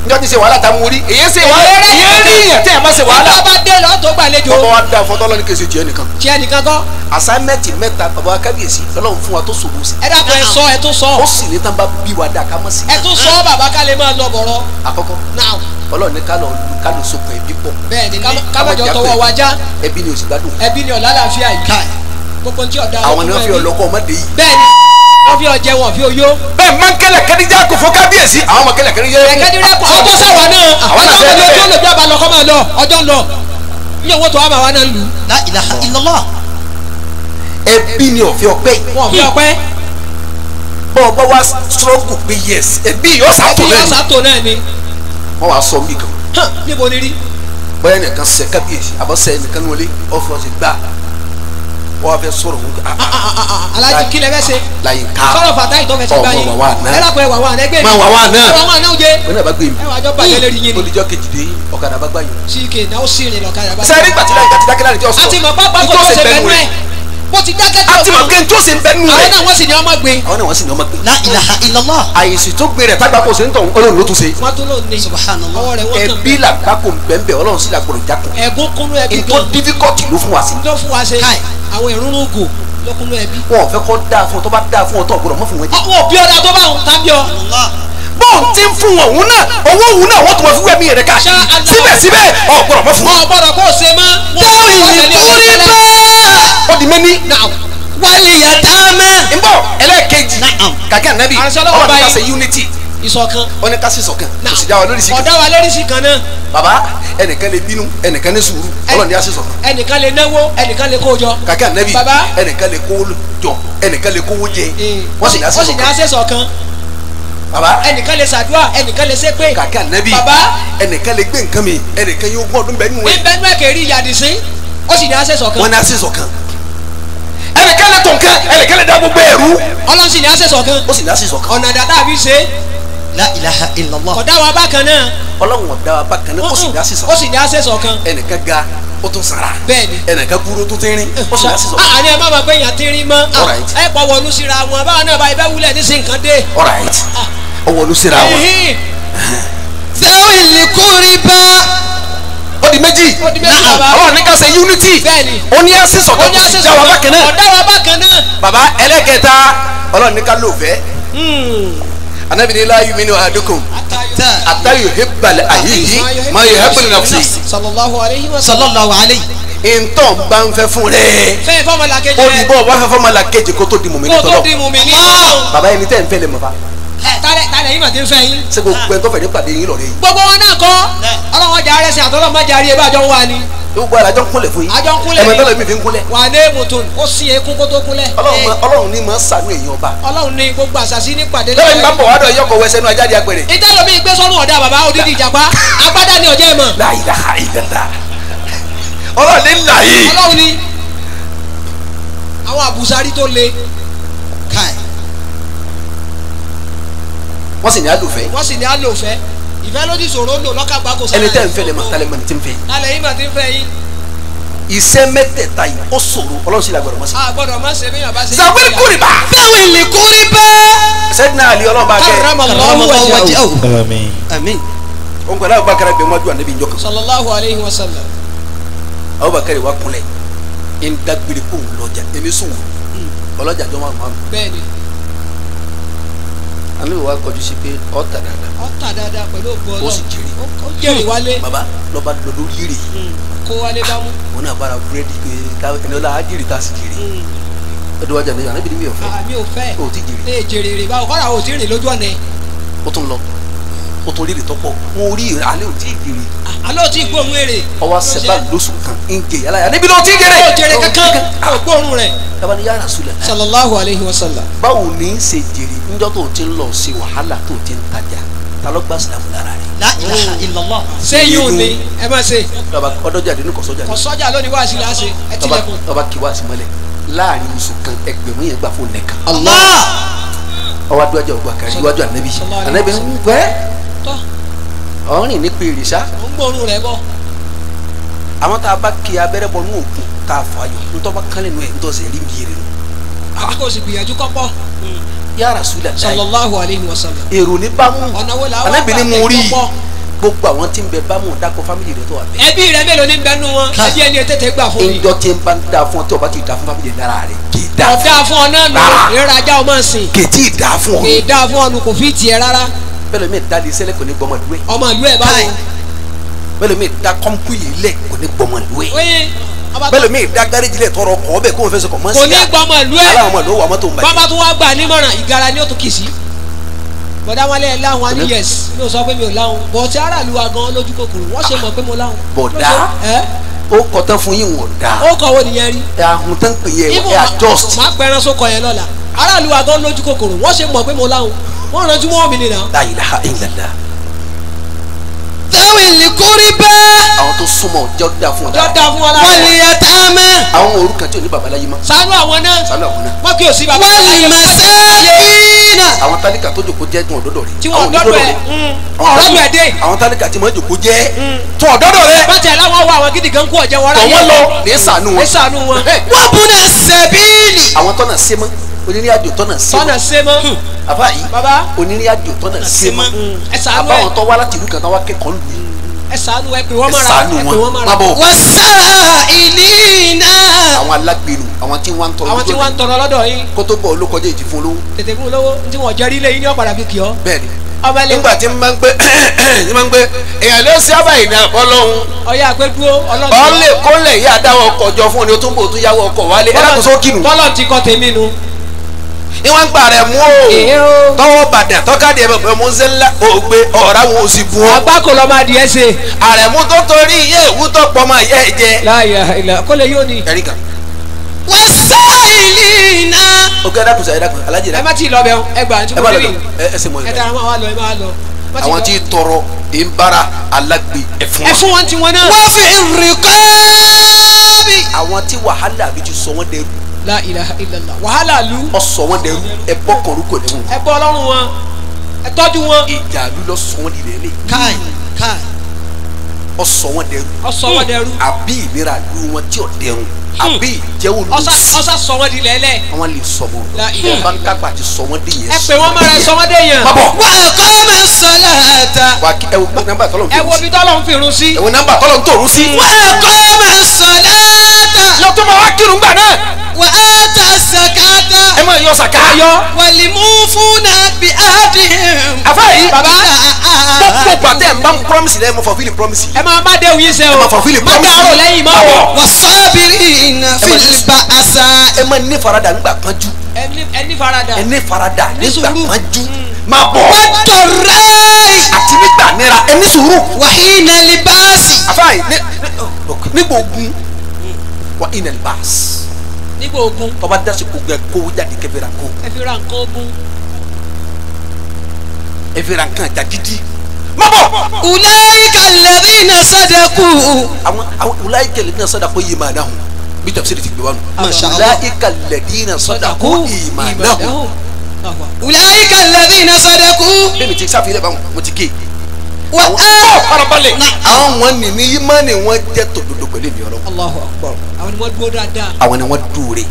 njọ́ ti ṣe wàhálà tá a mú rí èyí ṣe wàhálà èyí rí yẹn tẹ́ ẹ̀ má ṣe wàhálà. bàbá dé lọ tó gbàlejò. bàbá wa da fọtọ́ lọ́ni kèsì tiẹ̀ nìkan. tiẹ̀ nìkan kọ́. assignment mẹ́ta bàbá kábíyèsí lọ́lọ́run fún wa tó sòwò sí. ẹ dàpọ̀ ẹ sọ ẹ tó sọ. ó sì ní tán bá bí wa dá ká mọ̀ sí. ẹ tó sọ bàbá ká lè máa lọ bọ̀rọ̀. àkọ́kọ́ ọlọ́run ní kálọ̀ kálọ̀ sokùn ẹbí pọ̀. bẹ́ẹ̀ni kábàjọ tọwọ́ wájà. ẹbí ni òsì gbádùn. ẹbí ni ọ̀làlàfíà yìí. gbogbo ní ọ̀dà ọkùnrin mi. àwọn ni wọ́n fi ọlọ́kọ̀ ọmọdé yìí. bẹ́ẹ̀ni wọ́n fi ọ̀jẹ̀ wọ́n fi oyó. bẹ́ẹ̀ máa ń kẹ́lẹ̀ kẹ́díjà kò fún kábíyèsí àwọn ọmọ kẹ́lẹ̀ kẹ́díjà yẹn. kẹ́díjà kò àwọn tó sọ̀rọ̀ náà àwọn náà tẹ́lẹ̀ ọjọ́ lòdì àbálọ kọ́ máa lọ ọjọ́ lọ ní owó tó wà máa wá náà lù. la ilaha illallah. ẹbí ni ó fi ọpẹ́. wọn ò fi ọpẹ́. bọ́ọ̀ bọ́ wá struggle pé yes ẹbí yóò sàtò náà ni. yóò sàtò náà ni. wọ́n wá sọ mí kan. níbo ni rí. bọ́ẹ̀ nìkan sẹ kábíyèsí àbọ̀sẹ̀ nìkan wọlé ọ̀fọ̀ ti gbà wọ́n fẹ́ sọ̀rọ̀ wọn. Ah, ah, ah, Alhaji kí lẹ fẹ́ ṣe sọ̀rọ̀ fata yìí tó fẹ́ ṣe báyìí ẹ lápò ẹ wà wà nẹgbẹ́ mi wà wà náà wà wà náà jẹ wọn náà bá gbé mi ẹ wà jọ bàjẹ́ lérí yín ni olùjọ́ kejì dé ọ̀kadà bá gbá yín. síkè náà ó sì rìn lọ́kadà bá yín. sẹ́rí gbàtílá ìgbàtílákẹ́lá ni tí ó sọ àti mọ̀ pápá kò tó ṣe bẹ́ẹ̀ nú ẹ̀ bó ti dákẹ́ tó. àti màkẹ́ tó ṣe ń bẹ́ nù rẹ̀. àwọn náà wọ́n sì ní ọmọ gbé. àwọn náà wọ́n sì ní ọmọ gbé. la ilaha illallah. àyèsí tó gbé rẹ̀ tágbàkó ṣe ń tọ̀ ọlọ́run ló tún ṣe. wọ́n tún lò ní. subhanallah ọwọ́ rẹ̀ wọ́n tẹ̀ mí. ẹbí làgbákò ń bẹ́ẹ̀ ọlọ́run sì làgbọ̀rọ̀ jákùn. ẹ̀gún kúnú ẹbí gan. ètò difficult ló fún wa sí. ló fún wa ṣe. káì àwọn ìrúnrún gò lọ́kùnrin ẹbí. wọn ò fẹ́ kọ́ dáa fún ọ tó bá dáa fún ọ tó gbọdọ̀ mọ́ fún wọn jẹ. wọn ò bí ọdá tó bá òun tábí ọ. bóun ti ń fún òun náà owó òun náà wọ́n tó wọ́n fi wẹ̀mí rẹ̀ ká síbẹ̀síbẹ̀ ọ gbọdọ̀ mọ́ fún wọn. ọ̀gbọ̀dọ̀ kò ṣe mọ́. dáhùn ìkúrí bẹ́ẹ̀. ó di mẹ́ni. wálé yàtá mẹ́. ń bọ̀ ẹlẹ́ẹ̀kejì kàkẹ́ ànábì ọ̀rọ̀ nípa ṣe unity. ìṣọ̀kan. ó ní ká sí ìṣọ̀kan. kò sì dá wa lórí sí kan náà baba ẹnìkan lè bínú ẹnìkan ní sùúrù ọlọ́ni á sì sọ̀rọ̀. ẹnìkan lè náwó ẹnìkan lè kó jọ. kàkẹ́ Baba, ẹnìkan lè kó jọ ẹnìkan lè kówó jẹ wọ́n sì ní á sì sọ̀kan baba ẹnìkan lè ṣàdúrà ẹnìkan lè ṣépè kàkẹ́ ànábì baba ẹnìkan lè gbé nǹkan mi ẹnìkan yóò gbọ́ ọdún bẹ́ẹ̀ nù. bẹ́ẹ̀ bẹ́ẹ̀ kẹrí ìyàdí sí ó sì ní á sì sọ̀kan. wọ́n ní á sì sọ̀kan ẹnìkan lè tó nǹkan ẹnìkan lè dá gbogbo ẹ̀rú la ilaha illallah. kò dá wa náà. ọlọ́run ọ̀dá wa bákan náà ó sì dá sísọ. ó sì dá sísọ kan. ẹnìkan ga ó tún sara. bẹ́ẹ̀ni ẹnìkan kúrò tó tẹ́rín ó sì dá sísọ. a ah, ní ẹ má ma pé èèyàn tẹ́rín mọ́. Ah, ẹ pọ̀ wọlú síra wọn báwa náà bá ibẹ̀ wúlẹ̀ ní sin kan dé. ọ ah. wọlú síra wọn. zawil qurba ó di méjì náà ọlọ́run ní ká unity ó ní àṣìṣọ́ kan kó sì dá wa bákan náà. ọ̀dá wa anabi ni la yuminu ahadukum ata yuhibba li ahihi ma yuhibbu li nafsi. sallallahu alayhi wa sallallahu alayhi. ntọ́ bá ń fẹ́ fún rẹ̀. fẹ́ fọmọlàkejì rẹ̀. olùbọ̀ wá fẹ́ fọmọlàkejì kó tó di mùmí nítọ́lọ́. kó tó di mùmí nítọ́lọ́. bàbá yẹn ni tẹ́ ń fẹ́ lè mọ̀ fa. tálẹ̀ tálẹ̀ yìí mà ti ń fẹ́ yín. ṣé gbogbo ẹ̀ tó fẹ́ ní pàdé yín lọ́rẹ́ yìí. gbogbo wọn náà kọ́ ọlọ́wọ́n jà rẹ̀ sìn àtọ́lọ́ gbogbo ara jọ ń kúnlẹ̀ fún yín àjọ ń kúnlẹ̀ ẹ̀mọ tọ́lẹ̀ mi fi ń kúnlẹ̀. wà á dé mùtún ó sì yẹ kún kó tó kúnlẹ̀. ọlọ́run ni màá sànú èèyàn ọba. ọlọ́run ni gbogbo àṣàṣì ní pàdé. lọ́wọ́ ìgbà bọ̀ wádọ̀ yọkọ̀ wẹsẹ̀ náà jáde àpẹẹrẹ. ìtẹ́lẹ̀ mi gbé sọ́run ọ̀dà bàbá odidi ìjàpá agbádá ni ọ̀jẹ̀ mọ̀. láyìí láyìí dandan ọlọ́run ni láyìí. ọlọ́run ni àwọn àbùsárí tó le káì. wọ́n sì ní alòfẹ́. wọ́n sì ní alòfẹ́ ìfẹ́ ló ti ṣòro lò lọ́kàgbà kò sọ́nà ẹni tẹ́ ń fẹ́ lè mà tálẹ̀ mà ní ti ń fẹ́ yìí. tálẹ̀ yìí mà ti ń fẹ́ yìí. iṣẹ́ mẹ́tẹ̀ẹ̀ta yìí ó ṣòro ọlọ́run sì làgbọ̀dọ̀ mọ́sẹ̀. àgbọ̀dọ̀ mọ́sẹ̀ bí yàrá ṣe. zawil kuriba. zawil kuriba. sẹ́dínà àlì ọlọ́ba kẹ́. karamallahu wajhahu. àmín. àmín. o nkọla abubakar bẹ mọdu anabi njọ kan. sallallahu alayhi wa sallam. abubakar wa kunlẹ̀ n dagbere ko lọ́jà emi sùn wò hmm. ọlọ́jà jọ máa ma. bẹ́ẹ̀ni àmì ìwà kọjú sí pé ọ̀tà dáadáa. ọ̀tà dáadáa pẹ̀lú ògbó ọlọ́run ó sì jèrè ó jèrè wálé. bàbá lọ́ba lọ́dọ̀ jèrè. Hmm, kó wálé bá mú. òun náà bára búrẹ́dì pé ẹni ọlá á jèrè tá a sì jèrè. ẹdùn hmm. wájà ni àná ibi ni mi ò fẹ́. Ah, mi ò fẹ́. o ti jèrè. ee jèrè rè báwo kọ́ra o ti rìn lójú ọ̀nà ẹ̀. ó tún lọ kó tó rírì tọ́pọ̀ wọn ò rí ìrìn alẹ́ ò tí ì gèrè. alẹ́ ò tí ì gbó òun èrè. ọwọ́ sẹ́bà lóṣù kan ń gè yàrá yàrá níbi ló ti gèrè. ó jèrè kankan kò gbóòórùn rẹ̀. tabani ya Rasulullah. sallallahu alayhi wa sallam. báwo ni ń ṣe jèrè níjọ́ tó ti ń lọ ṣe wàhálà tó ti ń tajà ta ló gba sinamu lára rẹ̀. la ilaha illallah. sẹ́yìn ò ní ẹ má ṣe. ọdọjà dín ní kọ̀sọ́jà ní. kọ̀sọ́jà lónìí wá sí láṣẹ ẹ tilẹ̀kùn. tọ́ba kí wá sí mọ́lẹ̀ láàrin oṣù kan ẹgbẹ̀rún yẹn gbà fún nìkan. Allah ọwọ́ adúlájà ọgbà kan iwájú ànábì ànábì ń gbẹ́ tọ́. ọ̀rìn ní pèrè sá. mo ń gbóòórùn rẹ bọ́. àwọn tá a bá kí abẹ́rẹ́ bọ nú òkun tá a fà yọ ntọ́ bá kán lẹ́nu ẹ̀ ntọ́ sẹ̀ rí bìí rẹ nù. sì gbìyànjú kọ́pọ́. ya Rasulullah. sallallahu alayhi wa sallam. èrò ní bámu. ọ̀nà wo làwọn bá tẹ̀ kọ́pọ́ gbogbo àwọn tí ń bẹ bámu dákọ fámìlì rẹ tó wà bẹ́ẹ̀. ẹbí rẹ mélòó ni ń bẹ nu wọn ẹbí ẹni tètè gbà fún mi. ìjọ tí ń bá ń da fún ọ tí o bá ti da fún fámìlì lára rẹ kì í da fún ọ. ọ̀dà fún ọ náà nù ìrora ajá ọmọ sìn. kì í tí da fún ọ. kì í da fún ọ nù kò fi tiẹ̀ rárá bẹ́ẹ̀ lómi ìdálé sẹ́lẹ̀ kò ní gbọmọ ìlú ẹ̀. ọmọ ìlú ẹ̀ báwo. bẹ́ẹ̀ lómi ìdá kọ́ńpù yìí lẹ̀ kò ní gbọmọ ìlú ẹ̀. bẹ́ẹ̀ lómi ìdá gáréjì lẹ̀ tọrọ kọ́ ọbẹ̀ kó o fẹ́ sọ kọ́ mọ́ sí i. kò ní gbọmọ ìlú ẹ̀. aláwọ̀ ọmọ ìlú wa mọ́tò ń bàjẹ́. bàbá tó wá gbà nímọ̀ràn ìgara ni ó tún kì í sí. bọ̀dá wálé ẹ láwọn á ní yẹs mi ò sọ pé mi ò láwọn bọ̀ọ̀tì aráàlú wa gan lójú kòkòrò wọ́n ṣe mọ̀ pé mo láwọn. bọ̀dá ó kọ tán fún yín wò dá. ó kọ wo nìyẹn rí. àhùn tán pè yẹ ẹ adjust. ìmọ̀ máa pẹran sókọ yẹn lọ́la aráàlú wa gan lójú kòkòrò wọ́n ṣe mọ̀ pé mo láwọn wọ́n rántí wọ́n mi nìyà. la ilaha illallah. tẹ́wìn likori bẹ́ẹ̀. àwọn tó súnmọ́ jẹ́ ó dáa fún wa. jẹ́ ó dáa fún wa lára. wọ́n lè yẹ tá a mẹ́. àwọn òrukàn tí ò ní babaláyé ma. ṣàánú àwọn náà. ṣàánú àwọn náà. wọ́n kì í sí babaláyé. wọ́n lè mọ̀ sẹ́yìn. àwọn tálíkà tó jòkó jẹ́ dùn ọ̀dọ́dọ̀ rẹ̀. tí wọ́n dọ́dọ̀ rẹ̀ mm. ọ̀rọ̀ mi ẹ̀dẹ́. àwọn tálíkà tí wọ́n jòkó jẹ́ mm. tún ọ̀dọ́dọ̀ rẹ̀. wọ́n tẹ̀ wọ àwọn gidi gan kú ọ̀jẹ̀ wọn ráyè. tọ̀wọ́n lọ lè wọn. lè wọn. wọ́n bu náà sẹ́bíìlì. àwọn tọ́nà sẹ́mọ́ onírìnàjò tọ́nà sẹ́mọ́. tọ́nà sẹ́mọ́ àfa yìí onírìnàjò tọ́nà sèmọ́ àbá wọn tọ́ wá láti ìlú kan tó wá kẹ́kọ̀ọ́ lù mí. ẹ ṣàánú ẹ pè wọ́n mọ́ra ẹ pè wọ́n mọ́ra. wọ́n sá ìlí náà. àwọn alágbèrò àwọn tí wọ́n ń tọrọ lọ́dọ̀ yìí. àwọn tí wọ́n ń tọrọ lọ́dọ̀ yìí. kótó bọ̀ olókọjá ètí fún olówó. tètè fún olówó tí wọ́n jẹ́ rílé yìí ní ọ̀padà fi kì ọ́. bẹ́ẹ̀ni nígbà tí máa ń gbé ní [COUGHS] máa ń gbé èèyàn ló ṣe àbàyè ní ọlọ́run. ọyá àgbẹ̀ dúró ọlọ́run. ọ̀lẹ̀ kọ́lẹ̀ yìí àdáwọ̀ ọkọ̀ jọ fún ọ ni ó tún bò tún yáwọ̀ ọkọ̀ wálé. ẹ lákòóso bọ́lọ̀ ti kọ́ tèmi nu ìwọ̀n gbà rẹ̀ mú o tọwọ́ bàdàn tọ́kadì ẹ̀mọ̀ pé mo ń sẹ́lá ògbé ọ̀rá wo sì bu o. àgbákò lọ́ọ́ máa di ẹ́ ṣe. àrẹ̀mú tó torí iye ìwútọ́ pọ̀ máa yẹ ẹ jẹ. láyà ìlà kọ́lẹ̀ yóò ní. ẹ̀rí kan. wọ́n sá ìlú iná. ok ẹ dákun sa ẹ dákun ẹ má ti lọ bẹ ẹ gbà ẹ ẹ lọ ẹ máa lọ. àwọn tí tọrọ ìbára alágbe ẹ fún wọn. ẹ fún wọn náà. wọ́n fi ìrìkọ́ bí. àwọn tí wàhálà bí ti sọ wọ́n dẹrù la ilaha illallah wàhálà lu. ọsọ wọn dẹrú ẹbọ kọrúkọ ní wọn. ẹbọ Ọlọ́run wọn ẹ tọ́jú wọn. ìjà lu lọ sọ wọn dìde lé. káì káì. ọsọ wọn dẹrú. ọsọ wọn hmm. dẹrú. àbí ìlera lu wọn tí ò dẹrùn hmm. àbí ìjẹ́wò lù sí. ọsà sọ wọn di lẹ́lẹ̀. àwọn lè sọ wọn. la ìyá bá ń kápá ti sọ wọn dé yẹn. ẹ pè wọn mọ́ra ẹ sọ wọn dé yẹn. bàbọ̀ wà á kọ́ ẹ máa sọ láàtà. wà á kí ẹ wo tọ́lọ̀ ń fi run sí. ẹ wo bí wà á ta sàkáàtà. ẹ máa yọ sàkáàyọ. wàlí mú fún náà bí àfa yìí baba gbogbo gbàtẹ́ n promise rẹ mo fulfill promise. ẹ máa má dẹ́wù yín sẹ́ o. ẹ máa fulfill promise. má dàrú lẹ́yìn mọ́ o. wà sábìrì iná fìlìbà àṣà. ẹ máa ní farada nígbà pọ́njú. ẹ ní farada. ẹ ní farada nígbà pọ́njú. máa bọ̀. wọ́n tọ̀rẹ́ àti nígbà nira ẹ ní sùúrù. wàhíì nà libaasi. àfa yìí nígbà ogun wàhíì nà libaasi nígbà ogun. tọ́ba dasi kò gbẹ kówó jáde kẹfẹ́ ra kó. ẹ ra nǹkan ogun. ẹ ra nǹkan jàdídí. mọ́bọ̀. ulayi kalẹ̀rí na sadaku. àwọn àwọn ulayi kalẹ̀rí na sadaku yìí máa dáhùn bí tafsiri ti gbé wa nù. ulayi kalẹ̀rí na sadaku yìí máa dáhùn. ulayi kalẹ̀rí na sadaku. bẹ́ẹ̀ mi ti sáfì ilé báwọn mo ti ké wa farabalẹ̀. àwọn wọn ní ní yimá ni wọn jẹ tòdodo pẹ̀lú ìmì Ọlọ́run. Allahu Akbar. àwọn ni wọn dúró dáadáa. àwọn ni wọn dúre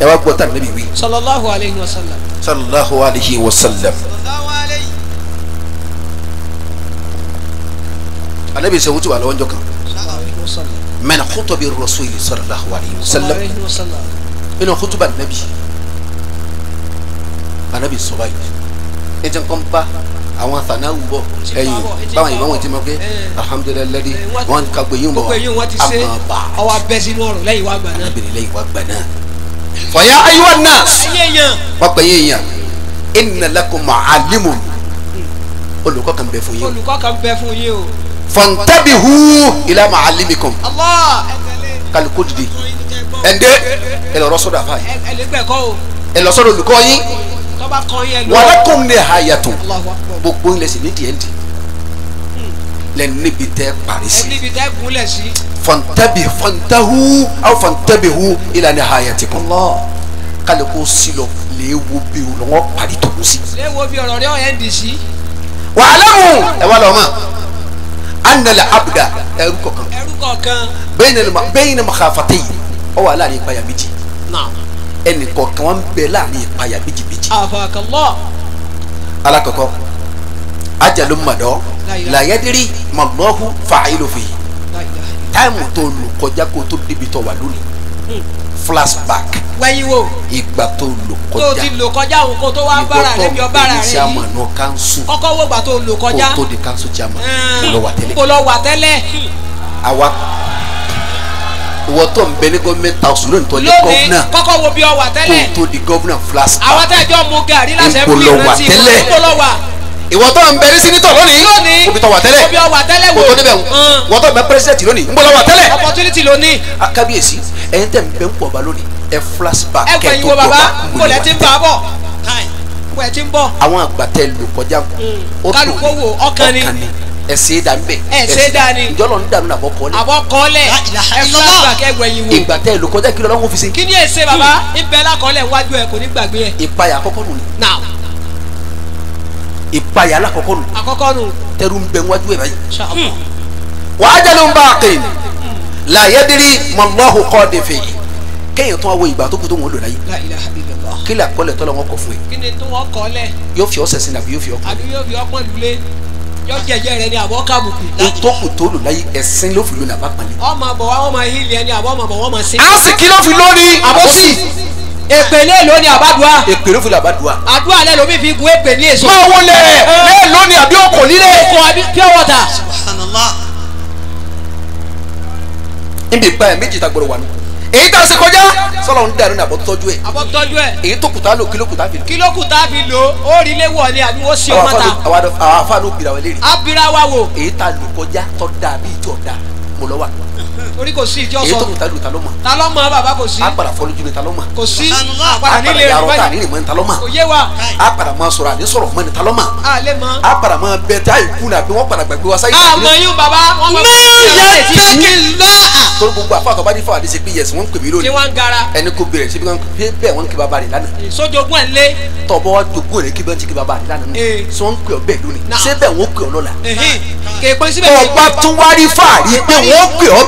ẹ wá gbọ́ tàbí níbi wí. sallallahu alayhi wa sallam. sallallahu alayhi wa sallam. ale bɛ sɛwutu alawan jɔ kan. mɛna kutubi rasul sallallahu alayhi wa sallam. ina kutuba nabi. anabi sɔba yi. e jɛ n kɔn ba àwọn sànáwù bọ̀ ẹ̀yìn báwọn ìbọn wọn ti mọ pé alhamdulilayi wọn ka gbẹ̀yìn bọ̀ àmọ́ bá ọwọ́ abẹ́ sínú ọ̀rọ̀ lẹ́yìn wá gbà náà. alábìnrin lẹ́yìn wá gbà náà. fọyà ayiwa nurse wọ́n pè yín yàn ìnàlákùn màálímù olùkọ́ kan bẹ fún yín o. olùkọ́ kan bẹ fún yín o. fọ̀ntẹ́bì hu ilá màálímìkùn. kálukú dìde ẹ̀ndé ẹ̀ lọ́rọ́ sọ́dọ̀ àfáà yìí ẹ̀ lọ́sọ́dọ̀ olùkọ́ yín tọ́ba kan yẹn lọ. wàhálà kò ní ẹ̀ha yàtọ̀ gbogbo ilẹ̀ sì ní tiẹ̀ di lẹ́nu níbi tẹ́ parí sí. níbi tẹ́ gúnlẹ̀ sí. fọ̀ntẹ́bì fọ̀ntẹ́hu aw fọ̀ntẹ́bì hu ìlànà ẹ̀ha yàtọ̀ kan lọ k'ale ko silọ lee wo bi o lọ́wọ́ parí tọ̀kú sí. lee wo bi ọ̀rọ̀ rẹ̀ ọ̀yẹ́ ń di sí. wàhálà mu ẹ wà lọ́mọ anala abuda ẹrú kọ̀ọ̀kan. ẹrú kọ̀ọ̀kan. bẹ́ẹ̀ ni makafatẹ́yì ọwọ́ aláàrin ìpayà méjì. naam ẹnìkọ̀ọ̀kan wọn bẹ láàrin ìpayà méjìméjì. àfàkàlọ́. alakọ̀kọ́ ajalu madọ layadiri malọhu fàáyélófè táìmù tó lù kọjá kó tó débi tó wà lónìí hmm. flashback wáyíwò ìgbà tó lò kọjá tó ti lò kọjá òun kó tó wá bára rẹ bí ọ bára rẹ yìí ìgbà tó bẹ̀rẹ̀ sí àmàna kanṣu kọ́kọ́ wọ́gbà tó lò kọjá kó tó di kanṣu jama hmm. kó lọ wà tẹ́lẹ̀ kó lọ wà tẹ́lẹ̀. àwa ìwọ tó ń bẹ ní gọ́ọ̀mẹ̀ntì house lónìí tó lé gọ́ọ̀nà kọ́kọ́ wo bí ọ wà tẹ́lẹ̀ kó tó di gọ́ọ̀nà flask. àwọn tẹ́jọ́ mu gàrí láṣẹ fún ìrántí ìwọ ló wà ìwọ tó ń bẹ ní sinitọ lónìí òbí tó wà tẹ́lẹ̀ òbí ọwà níbẹ̀ wọ́n tó ń bẹ pírẹsidẹ̀tì lónìí ń bọ́ lọ́wọ́ tẹ́lẹ̀ opportunity lónìí. kábíyèsí ẹ̀yin tẹ̀ ń bẹ ń pọ̀ bá lónìí ẹ flashback kẹ́ tó pọ̀ bá ń bọ̀ lẹ́ ti ń bá bọ̀ wẹ̀ o tó ẹsẹ da nbẹ. ẹsẹ da ni. jọlọ ń dànù àbọ kọlẹ. àbọ kọlẹ ẹfọ àgbàkẹ wẹyin wo. ìgbà tẹ ló kọjá kí lọ́la ń wọ́n fi se. kí ni èsè baba ibẹ̀ hmm. la kọlẹ̀ wájú ẹ kò ní gbàgbé ẹ. ìpayà àkọ́kọ́ nù. na ìpayà alakọ́kọ́ nù. àkọ́kọ́ nù. tẹ̀rù ń bẹ wájú ẹ báyìí. wàá jẹ́ ló ń bá a kè làyẹ́dìrí mọ̀lọ́hùn kọ́ de fèyí kéèyàn tó wá wo ìgbà tó kù tó wọn lò láyé kí lè àkọlẹ̀ tọ́lọ́ wọn kọ fún ẹ. kí ni tó wọ́n kọ́ lẹ̀. yóò fi ọ́ sẹ̀sìn àbí yóò fi ọ́ kọ́. àbí yóò fi ọ́ pọ́n lulẹ̀ jẹjẹ rẹ ni àbọ̀ kábùkù. ìtọ́kù tó lò láyé ẹ̀sìn ló fi lò làbá pàlẹ́. ọmọ àbọ̀ wa wọ́n hílì ẹni àbọ̀ ọmọ àbọ̀ wọ́n máa sin. a sì kí ló fi lórí. àbọ̀sì. èpèlé ló ni àbádùá. èpè ló fi lò àbádùá. àdúrà lẹ lómi fi gun èpè ní èso. máa wọlé lẹ lónìí àbí okò líle. okò àbí pure water. subhanallah. ibi ìpa ẹ̀ méjì ta gbọ́dọ̀ wà nù èyí tá a ṣe kọjá sọlọ ń dàrú ní àbọ̀tọ́jú ẹ̀ àbọ̀tọ́jú ẹ̀ èyí tó kùtà lò kílò kùtà fi lò. kílò kùtà fi lò ó rí ilé wọlé àbí wọ́n ṣe ọmọ ta. àwọn afáàlú bìrà wọlé rè. a wa wo. èyí tá a kọjá tọ́ da bí ìjọ da mo lọ orí kò sí ìjọ sọ. èyí ta ló mọ. ta ló mọ bàbá kò sí. a padà ni ta ló mọ. kò sí àpàdà nílé rẹ báyìí. a yàrá ta ló mọ. kò yé wa. a máa sọ̀rọ̀ àní sọ̀rọ̀ mọ ni ta ló mọ. a mọ. a máa bẹ tí a yìí kú ni àbí wọ́n padà gbàgbé wa sáyé. a mọ yín bàbá. mọ yẹ tẹ́kì lọ. torí gbogbo àfa àtọ́ba ní fáwọn àdìsí pé yẹsì wọ́n ń pè mí lónìí. tí wọ́n ń gara. ẹni kò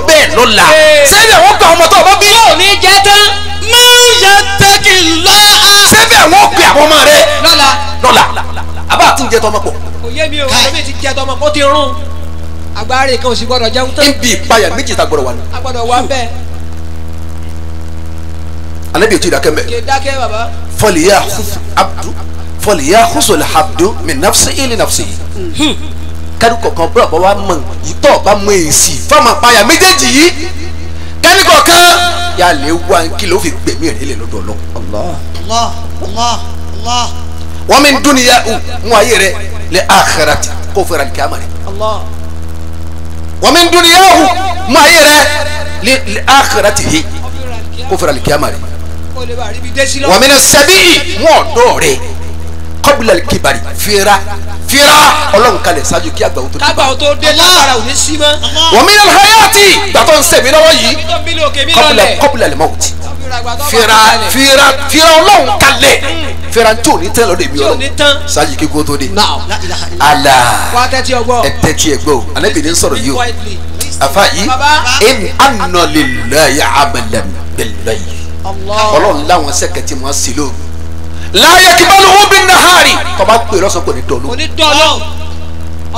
bẹ́ẹ̀ lọ́la sẹ́bí àwọn kan ọmọ tó ọmọ bí. yóò ní jẹ tán. máa ń yẹ tẹ́kì lọ́la. sẹ́bí àwọn pe àwọn ọmọ rẹ. lọ́la lọ́la àbá àti ìjẹ tọmọ pọ̀. kò yé mi o ẹbí ti jẹ tọmọ kó ti rún agbára kan ò sì gbọdọ̀ jẹun tán. ibi ìpayà méjì ta gbọdọ̀ wà ní. a gbọdọ̀ wà bẹ́ẹ̀. alẹ́ bí o ti dákẹ́ mẹ́. kì í dákẹ́ bàbá. fọlì yà fọlì mi nafsi ilé nafsi kẹ́nìkọ̀ kan bọ́lá bá wa mọ̀ ìtọ́ bá mọ èsì fáwọn àpáyà méjèèjì yìí kẹ́nìkọ̀ kan yà lè wá kí ló fi gbẹ̀mí rẹ̀ lẹ̀ lọ́dọ̀ ọlọ́. Allah Allah Allah Allah. wọ́n mi ń dún níyà uh, ó mú ayé rẹ̀ lẹ́ àkàràtì kó fẹ́ra ní kíámà rẹ̀. Allah. wọ́n mi ń dún níyà ó ayé rẹ̀ lẹ́ àkàràtì yìí kó fẹ́ra ní kíámà rẹ̀. wọ́n mi ń sẹ́bí mú ọ̀dọ́ rẹ̀ kọ́bùlẹ̀ kibari fẹ́ra Fira, ọlọ́run kalẹ̀ ṣáájú kí àgbà òtòdì. kágbà òtò dé lára òní sí mọ́. wọ́n mi lọ́nà hayati gbàtọ́ ń sẹ̀mí lọ́wọ́ yìí kọ́pìlà kọ́pìlà lè mọ̀ òtì. fira fira fira ọlọ́run kalẹ̀ hmm. fira tí ò ní tán lọ́dọ̀ èmi ọlọ́run ṣáájú kí gbótó dé. ala ẹ tẹ́tí ẹ gbọ́ anabi ní sọ̀rọ̀ yìí o afa yìí in anna lillahi amalan billahi ọlọ́run láwọn sẹ́kẹ̀tì mọ́ sílóògùn láyé kí bọ́lú wọ́n bí nàhárì. tọ́ba pè lọ́sàn kò ní dọ̀lú. kò ní dọ̀lú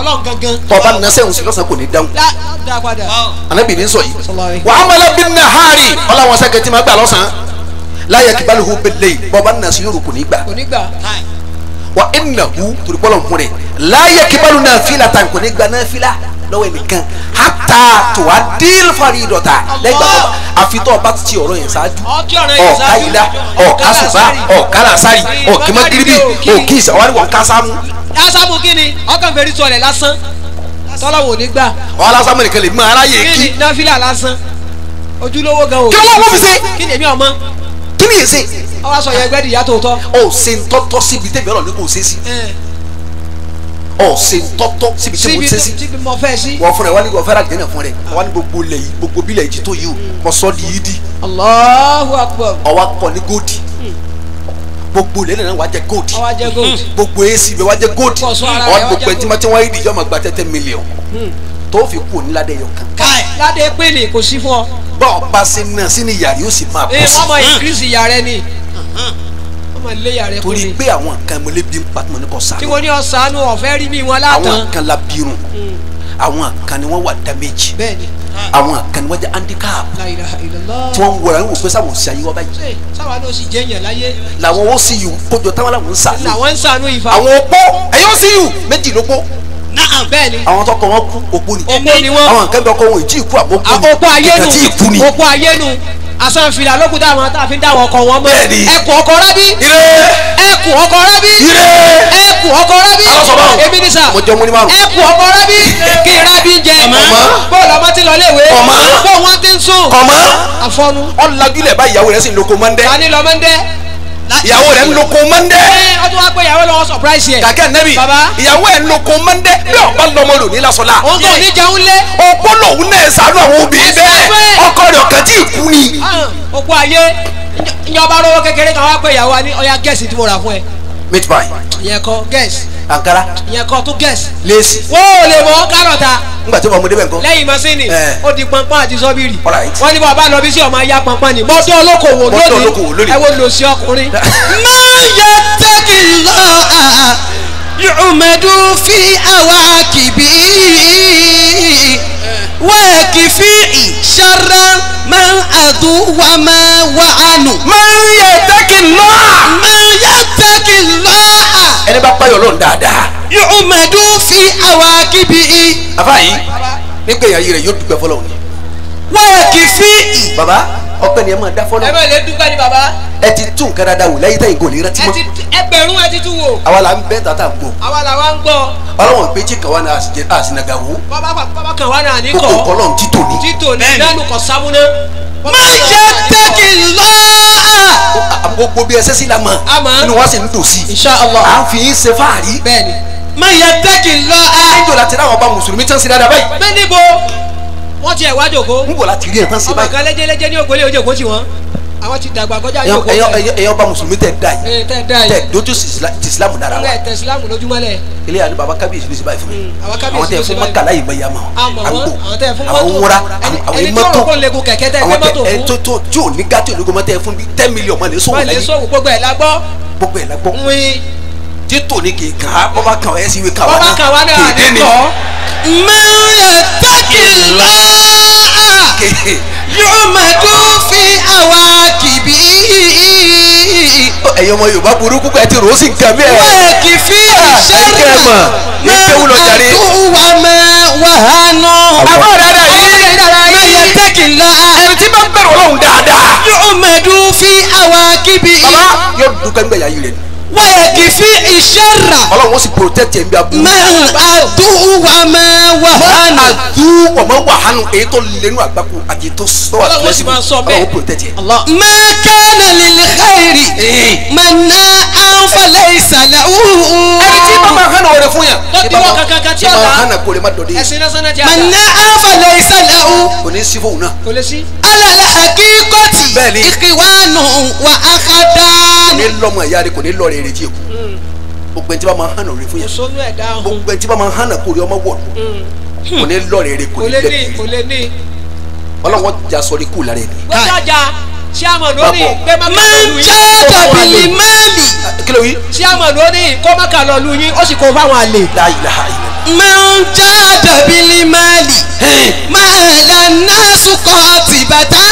ọlọ́run gangan. tọ́ba nasẹ́hùn sí lọ́sàn kò ní dáhùn. dá padà. anabi ah. ní sọ yìí. wà á mọ̀lẹ́ bí nàhárì ọlọ́run ọ̀sẹ̀ kẹtì máa gbà lọ́sàn. láyé kí bọ́lú wọ́n bí lẹ́yìn bọ́ba nasẹ́ yóò rò kò ní gbà. kò ní gbà wa innahu turikpọlọ mun de laaye kibaru naafila tan ko gba naafila lọ́wọ́ ẹnìkan hata tó a díl fari lẹ́gbàá tó àfitọ́ bá ti ọ̀rọ̀ yẹn ṣáájú ọ̀ka ilá ọ̀ka sùpá ọ̀ka làásárì ọ̀kí magiribi òkì ìṣàwárí wọn kásámù. kásámù kí ni ọkàn fèrè sọlẹ̀ lásán tọ́lá wò ní gbà. ọ̀ alásámù nìkan lè mú aráyè kí. kí ni náfìlà lásán ojúlówó gan o. kí ló wọ́n fi ṣe. kí ni èmi ọmọ kí ni èsè. ọwọ́ aṣọ yẹn gbẹ́dì tó tọ́. ó ṣe ń tọ́tọ́ síbi tẹ́mi ọ̀sẹ̀ tọ́tọ́ síbi tí mo ti sí wọ́n fúnra wọ́n ní wọ́n fẹ́ràn àgbẹ̀nà fún rẹ̀ wọ́n ní gbogbo lẹ̀ yìí gbogbo bílẹ̀ yìí tó yìí o mo sọ di yìí di ọwọ́ akọ ní góòdì gbogbo lẹ́nu náà wàá jẹ góòdì gbogbo èsì bẹ́ẹ̀ wàá jẹ góòdì ọwọ́ gbogbo ẹtí mọ́tí wọ́n yìí di yọ́ ma gba tẹ́tẹ́ mílíọ̀n hmm. tó fi kú ní ládẹ́ yọ kan. káì ládẹ́ pèlè kò sí fún ọ. bọ́ọ̀ pa sí náà sí ni yàrá yóò sì máa kú sí. ẹ ni. Hmm torí pé àwọn kan mọ̀lẹ́bí ń patmọ́ ní kò sànù. tí wọ́n ní ọ̀sánù ọ̀fẹ́ rí bí wọn látàn. àwọn kan la bírun hmm. àwọn kan ni wọ́n wà damage àwọn kan ni wọ́n jẹ́ handicap tí wọ́n ń wọra ń wò pé sáwọn ò sí ayé wa báyìí. sáwọn ló sì jẹyàn láyé. làwọn ó sì yù kójọ táwọn làwọn ń sànù. làwọn ń sànù ìfà. àwọn opó ẹ̀yọ́ sì yù méjì ló pọ̀ naam bẹ́ẹ̀ ni. àwọn tọkọ wọn kú opó ni. opó ni wọn. àwọn nǹkan bẹ ọkọ wọn ì tí ì opó ni. opó ayé opó ayé aṣọ ìfìlà lókun táwọn táàfin dáwọn ọkọ wọn mọ ẹkùn ọkọ rábí ẹkùn ọkọ rábí ẹkùn ọkọ rábí èmi ní sà ẹkùn ọkọ rábí kí rábí jẹ bóòlù ọmọ ti lọ léèwé bóòlù wọn ti sùn àfọnu. ọ̀làjúlẹ̀ bá ìyàwó rẹ̀ sì ń loko mọ́ndẹ́. ta ni lọ mọ́ndẹ́ ìyàwó rẹ̀ ń lo ko mọ́ndẹ́. ọdún eh, wa pé ìyàwó lọ́wọ́ surprise yẹn. kàkẹ́ nẹ́bi ìyàwó ẹ̀ ń lo ko mọ́ndẹ́ bí ọ̀pá lọmọ lò ní lásọ̀la. òun kò ní jẹun lé. òpó lòun náà sànú àwọn obìnrin bẹ́ẹ̀ ọkọ rẹ̀ ọ̀kan tí ì kú ni. Ah, òkú ayé ìjọba rówó kékeré kan wá pé ìyàwó wa ní ọya gẹ̀ẹ́sì tí mo rà fún ẹ. meat pie. yẹ kọ gẹ̀ẹ́sì ankara. ìyẹn kọ́ tún gẹ̀ẹ́sì. lẹ́sì. wó lè mọ kárọ̀tà. ngbà tí mo mú débẹ̀ nǹkan. lẹ́yìn masini ó di pọnpọn àti sọ́bìrì. wọ́n ní bọ́ lọ bí sí ọmọ ayá pọnpọn ni. mọ́tò olókòwò lónìí ẹ wo lò sí ọkùnrin. máa [LAUGHS] yẹ tẹ́kì lọ́ọ̀ yùmẹ̀dù fi àwa kìbí wẹ́ẹ̀kì fi ìṣara máa àdúwà máa wà ánù. máa yẹ tẹ́kì lọ́ọ̀. máa yẹ tẹ́kì lọ́ọ̀ ẹni bá pààyàn lọ́n dáadáa. yóò mẹ́dú fi àwa kíbi i. àbá yìí nígbà yàrá rẹ̀ yóò dúpẹ́ fọlọ́run. wáyà kì í fi. baba ọpẹ́ ni ẹ máa dá fọlọ́. ẹ bá lè dúpẹ́ ni baba. ẹ ti tún nǹkan dáadáa wò láyé táyìn kò ní rántí mọ́. ẹgbẹ̀rún ẹ ti tún wò. àwa la ń bẹ́ tata ń gbọ́. àwa la wa ń gbọ́. ọlọ́wọ̀n péjì kan wà ní àsìnàgà wo. bàbá kan wà ní àníkọ́. kókó kọlọ́n títò ní. títò ní nánú kọ sámúná. má ṣe tẹ́kì lọ́ọ́ gbogbo bí ẹsẹ̀ sí la mọ̀ inú wa sì ń dùn sí i à ń fi yín ṣe fáàrí. bẹ́ẹ̀ni má yẹ tẹ́kì lọ níjọ láti ráwọn ọba mùsùlùmí tán sí dáadáa báyìí. bẹ́ẹ̀ níbo wọ́n ti ẹ̀wá jòkó. níbo láti rí ẹ̀ tán sí báyìí. ọmọ kan lẹ́jẹ́lẹ́jẹ́ ní ògbólé òjòkó ti wọ́n àwọn ti dàgbà kọjá yòókó fẹ́. ẹyọ ọba mùsùlùmí tẹ da yìí eh, tẹ dojú ti Islam dára wa. tẹ Islam lójúmọ́lẹ̀ ilé àná baba kábíyèsí ló ṣe báyìí fún mi hmm. àwọn tẹ fún mọ́kàlá yìí bẹ́yà mọ́ ah, àgbo àwọn wúra àwọn mọ́tò àwọn tẹ tó tó tí ò ní gàtí ológun mọ́tẹ́ fún bí ten million mọ́ lè sọ̀wọ́ lẹ́yìn gbogbo ẹ̀ la gbọ́ gbogbo ẹ̀ la gbọ́ títò ní kì í kàn á bọ́bá kàn ẹ́ sí ìwé kàn wá náà kì í dé ni. mẹ́rin yẹn tẹ́kì lọ́ọ́ yóò máa dún fi àwa kìbí. ẹ̀yin ọmọ yorùbá burúkú ẹ ti rò ó sì ń kàn mí ẹ̀. wẹ́ẹ̀ kì í fi ìṣẹ́rìmà máa dùn wà máa wàhánú. àbọ̀ dáadáa yìí máa yẹ tẹ́kì lọ. ẹni tí bá ń bẹ̀rù ọlọ́run dáadáa. yóò máa dún fi àwa kìbí. bàbá yóò dúpẹ́ ń yìí rẹ̀ ni wáyé kì í fi iṣẹ́ rà. ọlọ́run ó sì protect ẹ̀mí aburú. mẹ́hàn àdúwàmẹ́ wàhánu. àdúwàmẹ́ wàhánu èyí tó lẹ́nu àgbákò àti tó sọ àtúnṣe. ọlọ́run ó sì máa sọ bẹ́ẹ̀. ọlọ́run ó protect ẹ̀. mẹ́kánà lílì xeyìrì. mẹ́nà ànfàlẹ́ ìsàlẹ̀ òhùhù. ẹni tí bá máa hànà òre fún yà. lọ́dún wọn kankan kan tí a la. hànà kò lè má dọ̀dé. ẹ̀sìn náà sọ́nà tí a la. mẹ́nà ànfàlẹ́ ìsàlẹ̀ òhùhù. kò ní sí fóun náà. kò lè sí. alẹ́ alẹ́ hakikoti ikiwanu wa akadani. kò ní lọ́mọ ìyá rẹ kò ní lọ rere tí èkó hmm. gbogbo ẹni tí bá máa hànà rẹ fún yẹn gbogbo ẹni tí bá máa hànà kórè ọmọ wọ̀ọ̀dù hmm. kò ní lọ rere kò ní lẹ́bi ọlọ́wọ́ jà sọ ikú lára ẹni. bó jọjà chairman ó ní pé má kà lọ lu yín. máa ń já kàbìlì máàlì. Ah, kí ló wí. chairman ó kó má kà lọ yín ó sì kó fáwọn àlè. máa ń já kàbìlì máàlì. máa là náà sùkọ́ tìbàtà.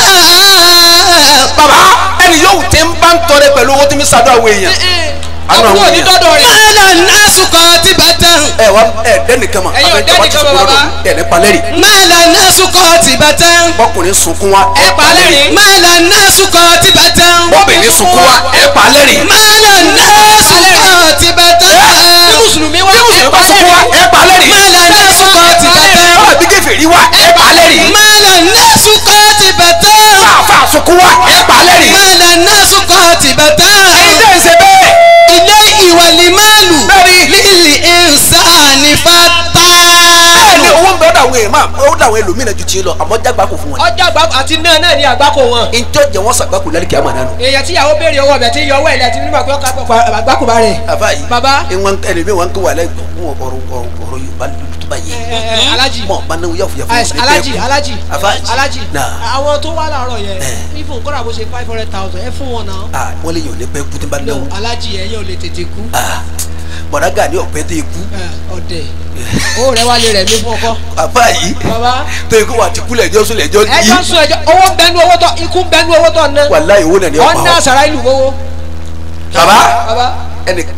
bàbá ẹni yóò tẹ́ ń bá ń tọrẹ pẹ̀lú owó tí mi sàdọ̀ àwọn èèyàn. Eh, eh owó ní lọ́dọ̀ rẹ̀. mẹ́lẹ̀ násùkọ̀ ti bàtà. ẹ wa ẹ dẹnìkan ma abẹ jaba ti sunkún lọ́dọ̀ ẹ ní palẹ́rì. mẹ́lẹ̀ násùkọ̀ ti bàtà. bọ́kùnrin sunkún wa ẹ palẹ́rì. mẹ́lẹ̀ násùkọ̀ ti bàtà. bọ́bìnrin sunkún wa ẹ palẹ́rì. mẹ́lẹ̀ násùkọ̀ ti bàtà. bí mùsùlùmí wa ẹ palẹ́rì. ẹ palẹ́rì. mẹ́lẹ̀ násùkọ̀ ti bàtà. bọ́ọ̀bì kẹfẹ́ rí wa ẹ palẹ́rì. mẹ́lẹ̀ násùkọ̀ ti bàtà. fàáfàá sunkún wa àwọn èèyàn máa ó dà àwọn ẹlòmíì náà ju tiẹ̀ lọ àmọ́ jágbá kò fún wọn. ọjà gbà àti náà náà ni àgbákò wọn. ìjọ jẹ wọn sàgbákò lálẹ́ kí a máa nánu. èèyàn tí ìyàwó béèrè owó ọbẹ̀ tí yọ owó ẹ̀ lẹ́tí nígbà pé àgbákò bá rẹ̀. bàbá yìí bàbá ìwọn ẹlòmíì wọn kó wà lẹ́gbẹ̀ẹ́ fún ọ̀rọ̀ ọ̀rọ̀ Yorùbá lójútùbá yìí. alaji mọ bá náwó yàfu yàfu. alaji alaji alaji àwọn tó wà láàárọ̀ yẹn ifo kọ́ra bó ṣe five hundred thousand ẹ fún wọn náà. wọ́n lè yàn lé pẹ́ kú tí n bá náwó. alaji ẹ̀ yàn lè tètè kú. bọ̀dá gà ní ọ̀pẹ́ tó ikú. ọ̀dẹ̀ owó rẹ wálé rẹ mi fún ọkọ. bàbá yìí tó ikú wa ti kú lẹ́jọ́ sún lẹ́jọ́ yìí. ẹjọ́ sún ẹjọ́ owó ń bẹnu owó tọ ikú ń bẹnu owó tọ ná. wàláhì owó nàní ọ̀pá ọ̀ ọ̀nà sara ìlú owó. bàbá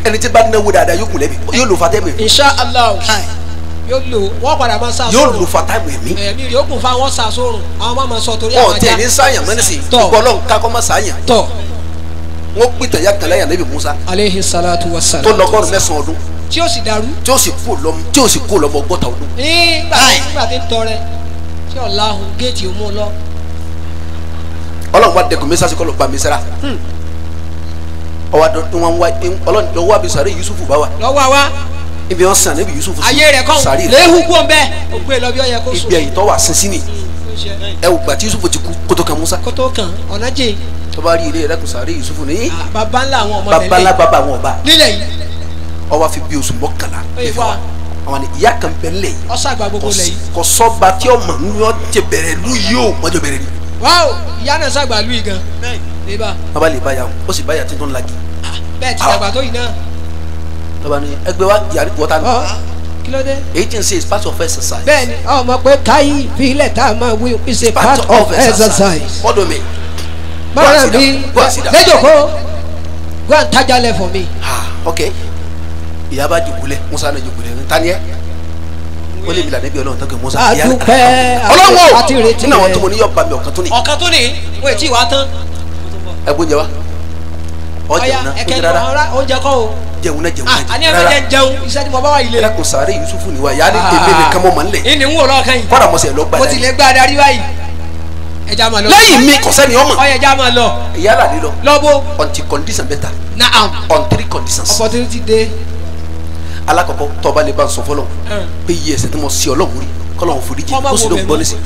ẹni tí bá náwó dáadáa yóò kù lẹ́bi yóò lò fatẹ́ mi. insha allah yóò lò wọ́n padà máa sa sóòrùn yóò lò fata wẹ̀ mí. ẹ̀mí yóò kún fáwọn sa sóòrùn àwọn máa ma sọ torí àwọn ajá. ọ̀tẹ̀ ní sáyàn mẹ́rìnsì gbogbo ọlọ́run kakọ́ ma sáyàn. tọ́ wọ́n pìtàn yà kàlẹ́ yà lẹ́bi musa. aleyhi salatu wa salam. tó lọ́gọ́rùn mẹ́sàn-án ọdún tí ó sì dàrú. tí ó sì kú lọmọ tí ó sì kú lọmọ ọgọ́ta ọdún. nígbà tí nígbà tí ń tọrẹ tí ọ̀la ahùn géètì ò mú lọ. ọlọ́run wa dẹkùn mi sásìkò ló gba mi sára. Hmm. ọwọ́ àdó wọn wá ọlọ́run lọ́wọ́ àbí sàrí Yusufu bá wa. lọ́wọ́ wa. ibi wọn sàn níbi Yusufu sàrí rẹ. ayé rẹ kọ́ léhu kú ọ̀nbẹ ògbé e lọ bí ọ yẹ kó sùn. ibi ẹ̀yìn tọ́ wà sínsín ni hmm, ẹ wò gbàtí Yusufu ti kú kótó kan Musa. kótó kan ọ̀nà jẹ́. tọ́ba rí ilé rẹ kò sàrí Yusufu ní. Ah, baba baba ọwọ́ fi bí oṣù mọ́kànlá ìfọwọ́ àwọn ni ìyá kan bẹ lẹ yìí kọsọba tí ọ mọ níwọ tẹ bẹ̀rẹ̀ lu yìí o mọjọ bẹ̀rẹ̀ ni. wáwo ìyá náà sàgbà lu yìí gan. bàbá lè báyà o ó sì báyà tí tó ń lajì. Ah, bẹ́ẹ̀ ti ah. dàgbà tó yìí náà. bàbá ni ẹgbẹ́ wa yàrá wọ́tá mi. kí ló dé. èyí ń part of exercise. bẹ́ẹ̀ni ọmọ pé káyí ìfilẹ tá a máa wí is a part of exercise. fọdọ mi. bọ́lá mi lẹ́jọ̀ kó go tajà lẹ̀ ìyá bá jùkulẹ̀ musa náà jùkulẹ̀ ntaniẹ ó lè bila níbi ọlọ́run tó kẹ musa ìyá náà ọlọ́wọ́ nínú àwọn tó mo ní yọ bàmí ọ̀kan tó ní. ọ̀kan tó ní o ì tí wàá tán. ẹ gbọ́njẹ wa ọjà náà ó jẹ rárá oúnjẹ kọ́ o jẹun náà jẹun náà ah, jẹun rárá àníyàn jẹun iṣẹ́ tí mo bá wà yìí lé. ẹkùn sàárè yusufu ni wa yà á ní ah. tèmi nìkan mọ́ mọ́ nílẹ̀. ìní ń wò lọ́ọ̀kan yìí. kọ́dà mo lọ gbàdá yìí. ti lè gbàdá rí báyìí ẹja ma lọ. lẹ́yìn mi kọ̀sẹ́ ni ọmọ. ọyẹ ẹja ma lọ. ìyálà ni lọ. until condition better. na am. on three conditions. opportunity dey alakọkọ tọba lè ba sọ fọlọ hmm. pé iye ẹsẹ tí mo sí Ọlọ́run rí kọlọrun foríjì ó sì ló ń gbọ́ nísì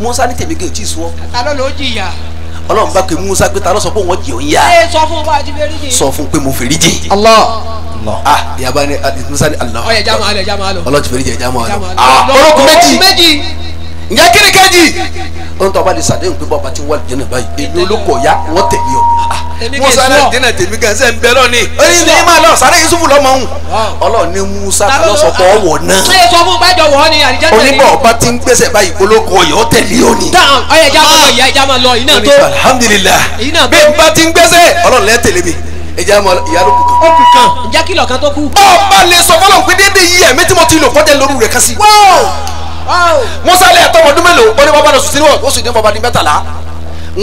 musa ni tèmi gèè tí ì sọ. àtàlọ́ ló jìyà. Ọlọ́run bá pe musa pé ta ló sọ pé wọn jì òun yá. ee sọ fún wa ti fèrèjì. sọ fún pé mo fèrèjì. Allah ah yaba ni ah, musa ni Allah. ọyẹ jama alẹ jama alọ. Ọlọ́run ti fèrèjì ẹ jama alọ. ah olókùn méjì ǹjẹ́ kíni kejì. ó ń tọ́ bá lè sàdéhùn pé bàbá ti wà lẹ́nu báyìí èmi olóko ya wọ́n tẹ̀lé ọ. Ah, musa náà dínà tèmi gan sẹ́ ń bẹ lọ́ni ẹni ní ma lọ sáré yusufu lọ́mọ ń ọlọ́run ní musa lọ́sọ̀tọ̀ ah. wọ̀ náà onígbà ọba ti ń gbẹ́sẹ̀ báyìí polóko ọ̀yọ́ tẹ̀lé òní. Ah. alhamdulilah bí n bá ti ń gbẹ́sẹ̀ ọlọ́run lẹ́ tẹ̀lé mi ẹja mọ ìyá ló kù kan. ó kù kan. ǹjẹ́ kìlọ̀ kan tó kù. ọba lè sọ fọlọ́n pé déédéé yìí ẹ̀mí tí mo ti lò kọ́jà lóru rẹ̀ kásì. musa lè tọ́ ọdún mélòó ó ní bàbá rẹ̀ sùn sínú ọ̀sùn ní bàbá ní mẹ́tàlá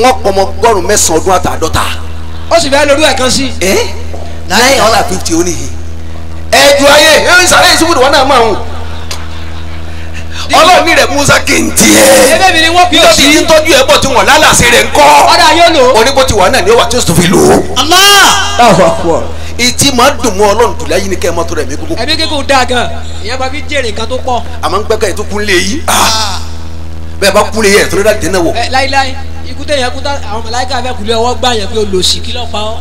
wọ́n pọ̀ mọ́ gbọ́rùn mẹ́sàn-án ọdún àtàdọ́ta ó sì fẹ́ lórí ẹ̀ kan sí. ẹ nine hundred fifty ó nìyí. ẹ ju ayé ẹ ń sàlẹ̀ ìṣubú wọn náà máa ń ọlọ́ọ̀ni rẹ̀ musa kente ẹ̀ nítorí yìí ń tọ́jú ẹ̀ bọ̀ tí wọ́n lálàsẹ̀ rẹ̀ ń kọ́ onígbó ti wà náà ní wà tí ó sì fi lò ó. ìtì máa dùn mọ́ ọlọ́run jùlọ ayé ni kẹ́ ẹ mọ́tò rẹ̀ mí kókó. ẹ̀mí kíkó dáa gan ìyẹn bá fi jèrè nǹkan tó pọ̀. àmọ́ ń gbẹ́kẹ̀ ètò kúnlé yìí ah! bẹ́ẹ̀ bá kúnlé yẹ ẹ̀ tó lọ́dà dẹ́nà wò. láíláí ikú tẹ̀yẹ kú tá àwọn màláíkà fẹ́ kúlẹ̀ ọwọ́ gbà yẹn pé o lòsì kí lọ́ọ́ pa ọ́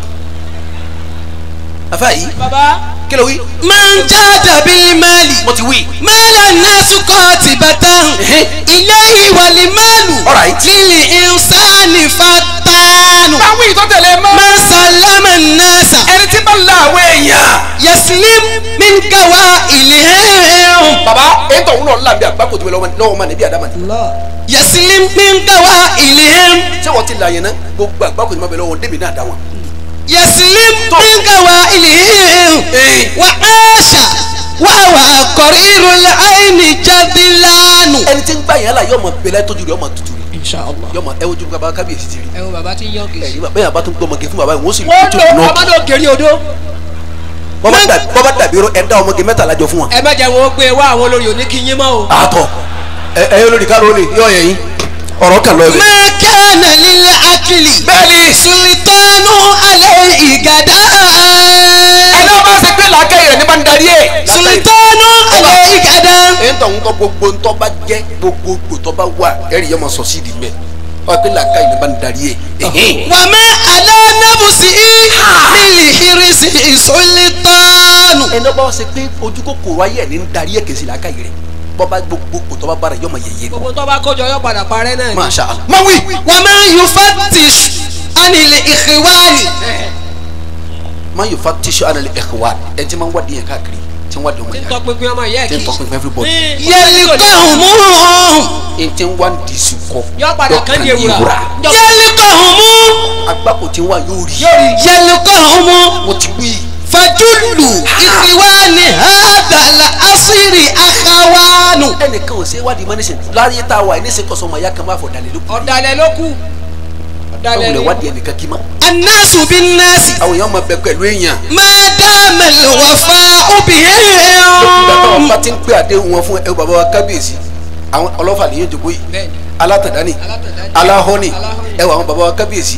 afa baba, kí ló wí. máa ń já dàbí máàlì. mo ti wí. máàlà náà sùkọ́ ti bàtà hàn. ilé ìwàlì máàlù. lílì ìsáàlì fatanu. máa wí ìtọ́tẹ̀lẹ̀ máa. máa sàlámà náà sà. ẹni tí máa la àwọn èèyàn. yaslim mi ń ga wa ilé ẹ̀hún. baba e tọ̀ wúlọ̀ ńlá bí àgbákò tó lọ́wọ́ ma ní bí adama ni. yaslim mi ń ga wa ilé ẹ̀hún. ṣé wọ́n ti là yẹn náà gbogbo àgbákò tó yasilim mingawa ilihim wa aṣa wa wa kọrìrù láìní jadilanu. ẹni tí ń gbà yẹn la yóò mọ bẹlẹ tójú rẹ yóò mọ tutù rẹ. yóò mọ ẹ wojú baba kábíyèsí ti rí. ẹ baba ti yọ kejì. ẹ bẹ́ẹ̀ bá tún gbọ́ ọmọge fún baba yìí wọ́n sì tutù nù. wọ́n lọ ọmọdé ògèrè odó bọ́bá dàbí ro ẹ̀dá ọmọge mẹ́tàlá jọ fún wa. ẹ má jẹ́ wọn gbé wá àwọn olórí òní kí yín mọ́ o. àtọ̀ ẹ ẹ olórí káró lè yọ yẹ yín ọ̀rọ̀ kan lọ rẹ̀. máa kẹ́hánà lílẹ̀ akili. bẹ́ẹ̀ni. sultanu alẹ́ ìgàdá. ẹ̀dá máa ṣe pé làákẹ́ rẹ̀ ní bá ń darí ẹ̀. sultanu alẹ́ ìgàdá. ẹ̀ ń tọ̀hún tọ́ gbogbo ń tọ́ jẹ́ gbogbo gbò wà ẹ̀rì yẹn mọ̀ sọ sí ìdìmẹ́ wọ́n pe làákà yìí bá ń darí ẹ̀. wà á máa àná nábùsì lílì irisi ìsolítánù. ẹ̀dá máa ṣe pé ojú ayé ẹ̀ ní ń darí ẹ̀ kèsì làákà yìí bọ́ba gbogbo kò tọ́ba bára yọmọ yẹyẹ. gbogbo tọ́ba kọjọ yọ padà parẹ́ náà ni. masha allah ma wi. wà má yóò fatish anilẹ̀ ìkìwáàlì. má yóò fatish anilẹ̀ ìkìwáàlì ẹ ti máa ń wádìí yẹn káàkiri tí ń wádìí ọmọ yẹn. tí ń tọpinpin ọmọ yẹn kì tí ń tọpinpin everybody. yẹli kọ́hún mú hàn. n ti wá ń di sùkọ́. yọ padà kán di ewura. yẹli kọ́hún mú. agbáko ti wá yóò rí. yẹli kọ́hún mú. mo ti wí fajúlù ìsìwáni hádàlà asiri akáwánu. ẹnìkan ò ṣe wádìí mọ́ níṣẹ́ láyé tá a wà ní ìṣe kọ̀sọ́mọ ya kan máa fọ ọ̀dàlẹ̀ ló kù. ọ̀dàlẹ̀ ló kù. ọ̀dàlẹ̀ ló kù. wádìí ẹnìkan kí ma. anásù bí násì. àwọn èèyàn máa bẹ pẹ̀lú èèyàn. máa dá mẹ́lẹ̀ wà fa obì yẹn. lọ́kùnrin bàbá wa bá ń pè àdéhùn wọn fún ẹ bàbá wa kábíyèsí alátàdáni aláhọ́ni ẹwà àwọn baba wa kábíyèsí.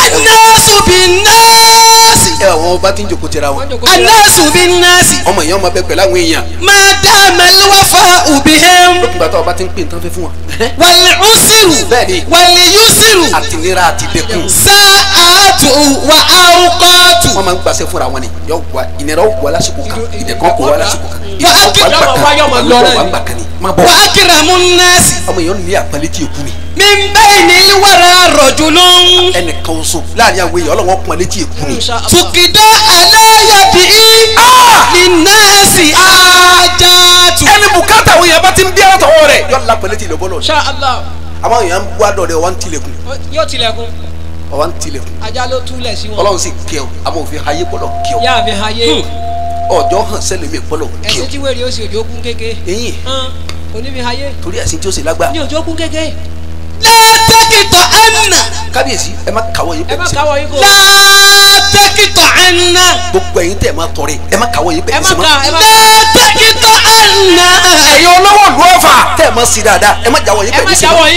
anásù bí nọ́ọ̀sì. ẹwà àwọn ọba tí ń jòkó tira wọn. anásù bí nọ́ọ̀sì. ọmọ máa bẹ pẹ̀lú àwọn èèyàn. máa dá àmàlẹ́wà fún òbí hẹ́m. lókùnbàtà ọba ti ń pè ń tán fẹ́ fún wọn wàlì ùsìrù wàlì yùsìrù àti nira àti dẹkùn. sáàtù wà áwùkọ́tù. wọ́n máa ń gbàṣẹ fúnra wọn ni yóò wá ìnira ó wà lásìkò kan ìdẹ̀kọ́ kò wá lásìkò kan ìdẹ̀kọ́ wà gbà kan ìdẹ̀kọ́ wà gbà ni. wà á kìrà mú nẹ́ẹ̀sì. ọmọ yẹn ń lé àpálẹ́ tí mi ń bẹ́ẹ̀ ní wàrà rọ̀jù ló ń. ẹnìkan oṣù láàrin àwọn èèyàn ọlọ́wọ́n pọn létí èkú ni. tùkìdá aláyàbí nínẹ́ẹ̀sì ajá tù. ẹni bùkátà àwọn èèyàn bá ti ń bí ara tọwọ́ rẹ̀ yọ la pẹ̀lẹ́tì ìlọ́bọ̀ lọ. àwọn èèyàn ń wá dọ̀rẹ́ ti ń tilẹ̀kùn. yóò tilẹ̀kùn. ti ń tilẹ̀kùn. ajá ló túlẹ̀ sí wọn. ọlọ́run sì kẹ́ ọ àmọ́ òfin ayé bọ́lọ̀ kẹ́ ọ. yáa fi ayé. Hmm. ọjọ́ hàn sẹ́lẹ̀ mi bọ́lọ̀ kẹ́ ọ. ẹ̀sìn tí wèrè ó sì látẹ́kìtọ̀ ẹ̀nà. kábíyèsí ẹ má kàwọ́ yìí pẹ̀lú sẹ́wọ́n látẹ́kìtọ̀ ẹ̀nà. gbogbo ẹ̀yin tẹ̀ má tọrẹ ẹ má kàwọ́ yìí pẹ̀lú sẹ́wọ́n látẹ́kìtọ̀ ẹ̀nà. ẹ̀yin olówó lu ọ̀fà tẹ̀ má sí dáadáa ẹ má jáwọ́ yìí pẹ̀lú sẹ́wọ́n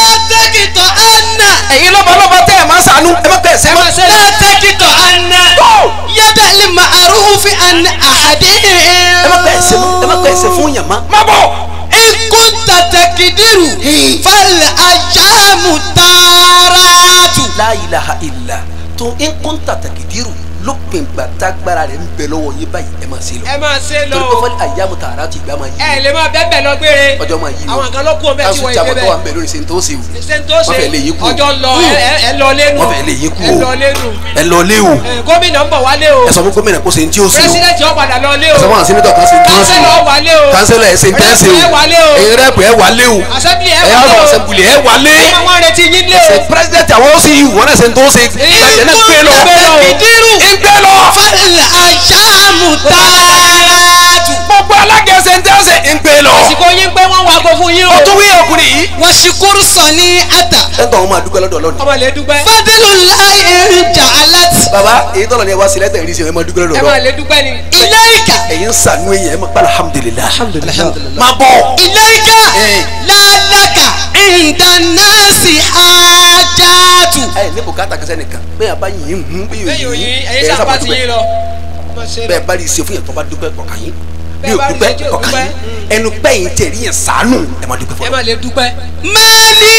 látẹ́kìtọ̀ ẹ̀nà. ẹ̀yin lọ́ba lọ́ba tẹ̀ má sànú ẹ má pẹ̀ sẹ́wọ́n látẹ́kìtọ̀ ẹ̀nà. yẹ́bẹ̀ lè ma àrùn fi àná àhàdé. ẹ má pẹ̀ sẹ́wọ́n ẹ má pẹ̀ kúntà tẹ̀kídìrù fẹ́lẹ̀ ajáàmù tààràtù. la ilaha illa tó ń kúntà tẹ̀kídìrù lópin gbàdágbára rẹ̀ ń bẹ lọ́wọ́ yín báyìí ẹ máa ṣe lọ. ẹ máa ṣe lọ o torí pé fọlí àyà mu tààrà ti gbà máa yí. ẹ lè máa bẹ́ẹ̀ bẹ́ẹ̀ lọ gbére. ọjọ́ máa yí o àwọn kan ló kú ọmọ ẹ ti wọ ìgbé bẹ́ẹ̀. káṣù jàmọ̀tọ́ wa ń bẹ lórí sentose o. sentose ọfẹ lè o ọjọ́ lọ ẹ lọ lẹ́nu. ọfẹ lè yí kú o ẹ lọ lé o. gómìnà ń bọ̀ wálé o. ẹ sọ fún gómìnà kó ṣe ń tí ó ṣe o. pírẹsidẹ̀ntì ọ̀ padà lọ lé o. ẹ sọ fún àwọn sẹ́nitọ̀ kan o. kánsẹ́lọ̀ ẹ ṣe o. ẹ̀yin rẹ́pù ẹ wálé o. asẹ́bìlì gbé lọ. fẹ́lẹ̀ àṣà mú tààrà jésù. gbogbo alágẹ̀ẹ́sẹ̀ ń tẹ́sẹ̀ ń pè lọ. àsìkò yín pé wọ́n wá kó fún yín o. o tún wí ọkùnrin yìí. wọ́n ṣe kúrú sàn ní ata. ẹ̀ńtọ́ àwọn máa dúpẹ́ lọ́dọ̀ lọ́dún. ọmọ ilé dúpẹ́. fadilu láì erin jà aláti. baba èyí tọ́lọ̀ ni ẹ wá sí lẹ́tẹ̀ ìrísí ẹ máa dúpẹ́ lọ́dọ̀ lọ́dún. ẹ máa lè dúpẹ́ ni. ilé ìkà. ẹ̀yin sànú ẹ̀yìn ẹ máa pa alhamdulillah. alhamdulillah. máa bọ̀. ilé ìkà. lálàkà ìdánáàsì àjàtù. ẹ ní bùkátà kẹsẹ́ nìkan bẹ́ẹ̀ bá yìnyín bẹ́ẹ̀ yìnyín ẹ̀yin sábà ti yín lọ bẹ́ẹ̀ bá rí i ṣe fún yẹn tó bá dúpẹ́ kọ̀ọ̀kan yín bí o dúpẹ́ ọkàn yìí ẹnu pẹ́ yìí tẹ̀ rí yẹn sànù ẹ má dúpẹ́ fọlọ́. ẹ má lè dúpẹ́. mẹ́ẹ̀lì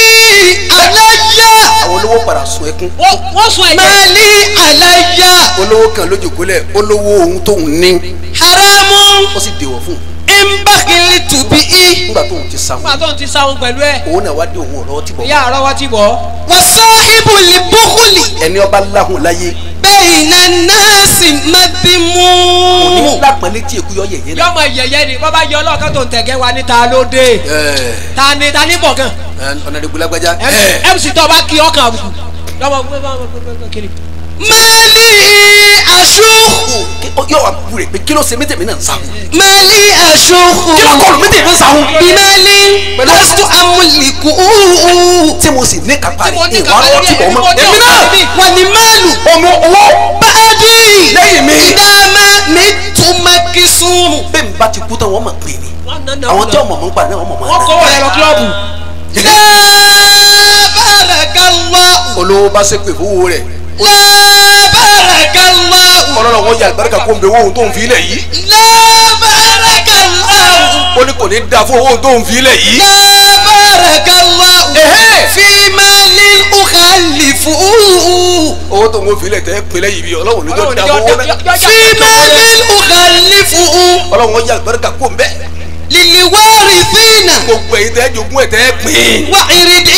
alájà. àwọn olówó padà sun ẹkún. wọ́n sun ẹ̀jẹ̀. mẹ́ẹ̀lì alájà. olówó kan lójú kólẹ̀ olówó ohun tóun ní. haramu. ó sì dèwọ̀ fún un mbakili tubi i. nígbà tó ń ti sáwọn. nígbà tó ń ti sáwọn pẹ̀lú ẹ. òun náà wá dé òun ọ̀rọ̀ ti bọ̀. ìyá àrọ́ wa ti bọ̀. wàsó ibùlì búkúlì. ẹni ọba láhùn láyé. bẹ́ẹ̀ iná náà sì má bí mú. òní lápẹ̀lẹ́ tí èkú yọ yẹ̀yẹ́ yọmọ yẹ̀yẹ́ ni bàbá yọ ọlọ́ọ̀kan tó ń tẹ̀gẹ́ wa níta lóde. ta ni ta ni bọ̀ gan. ọ̀nà ìdìbò lágbájá. mc tó mẹ́lì aṣọ́kù. yóò wá wúre pé kí ló ṣe mẹ́tẹ̀mí náà ń sáhùn. mẹ́lì aṣọ́kù. kí ló kọlù mẹ́tẹ̀mí náà ń sáhùn. mẹ́lì lásìkò amúlìkù. tí mo sì ní kápá rẹ̀ ìwà ọ̀rọ̀ tí wọ́n mọ̀. èmi náà wà ní mẹ́lù. ọmọ owó. báàdì. lẹ́yìn mi. dáàmà mi tún máa kí sùn. bẹ́ẹ̀ mi bá ti kú tán wọ́n mọ̀ pé ni. àwọn tí ọmọ mọ̀ ń pa náà wọ́n mọ̀ mọ́ olówó bá ṣe pè fowó rẹ̀ lábàràkà lọ́hùn. ọlọ́run wọn yà àlùbáríkà kó ń bẹ owó tó ń fi ilẹ̀ yìí. lábàràkà lọ́hùn. ó ní kò ní dáa fún owó tó ń fi ilẹ̀ yìí. lábàràkà lọ́hùn. fi máa lé ọ̀hálì fún un. owó tó ń wọ́n fi tẹ́ pẹ́lẹ́ yìí bí ọlọ́run ló jọ owó náà. fi máa lé ọ̀hálì fún ọlọ́run wọn yà àlùbáríkà kó ń bẹ́ẹ̀ lìlìwárì fínà. gbogbo èyí tẹ́ jogún ẹ̀ tẹ́ pín. wà ìrìndí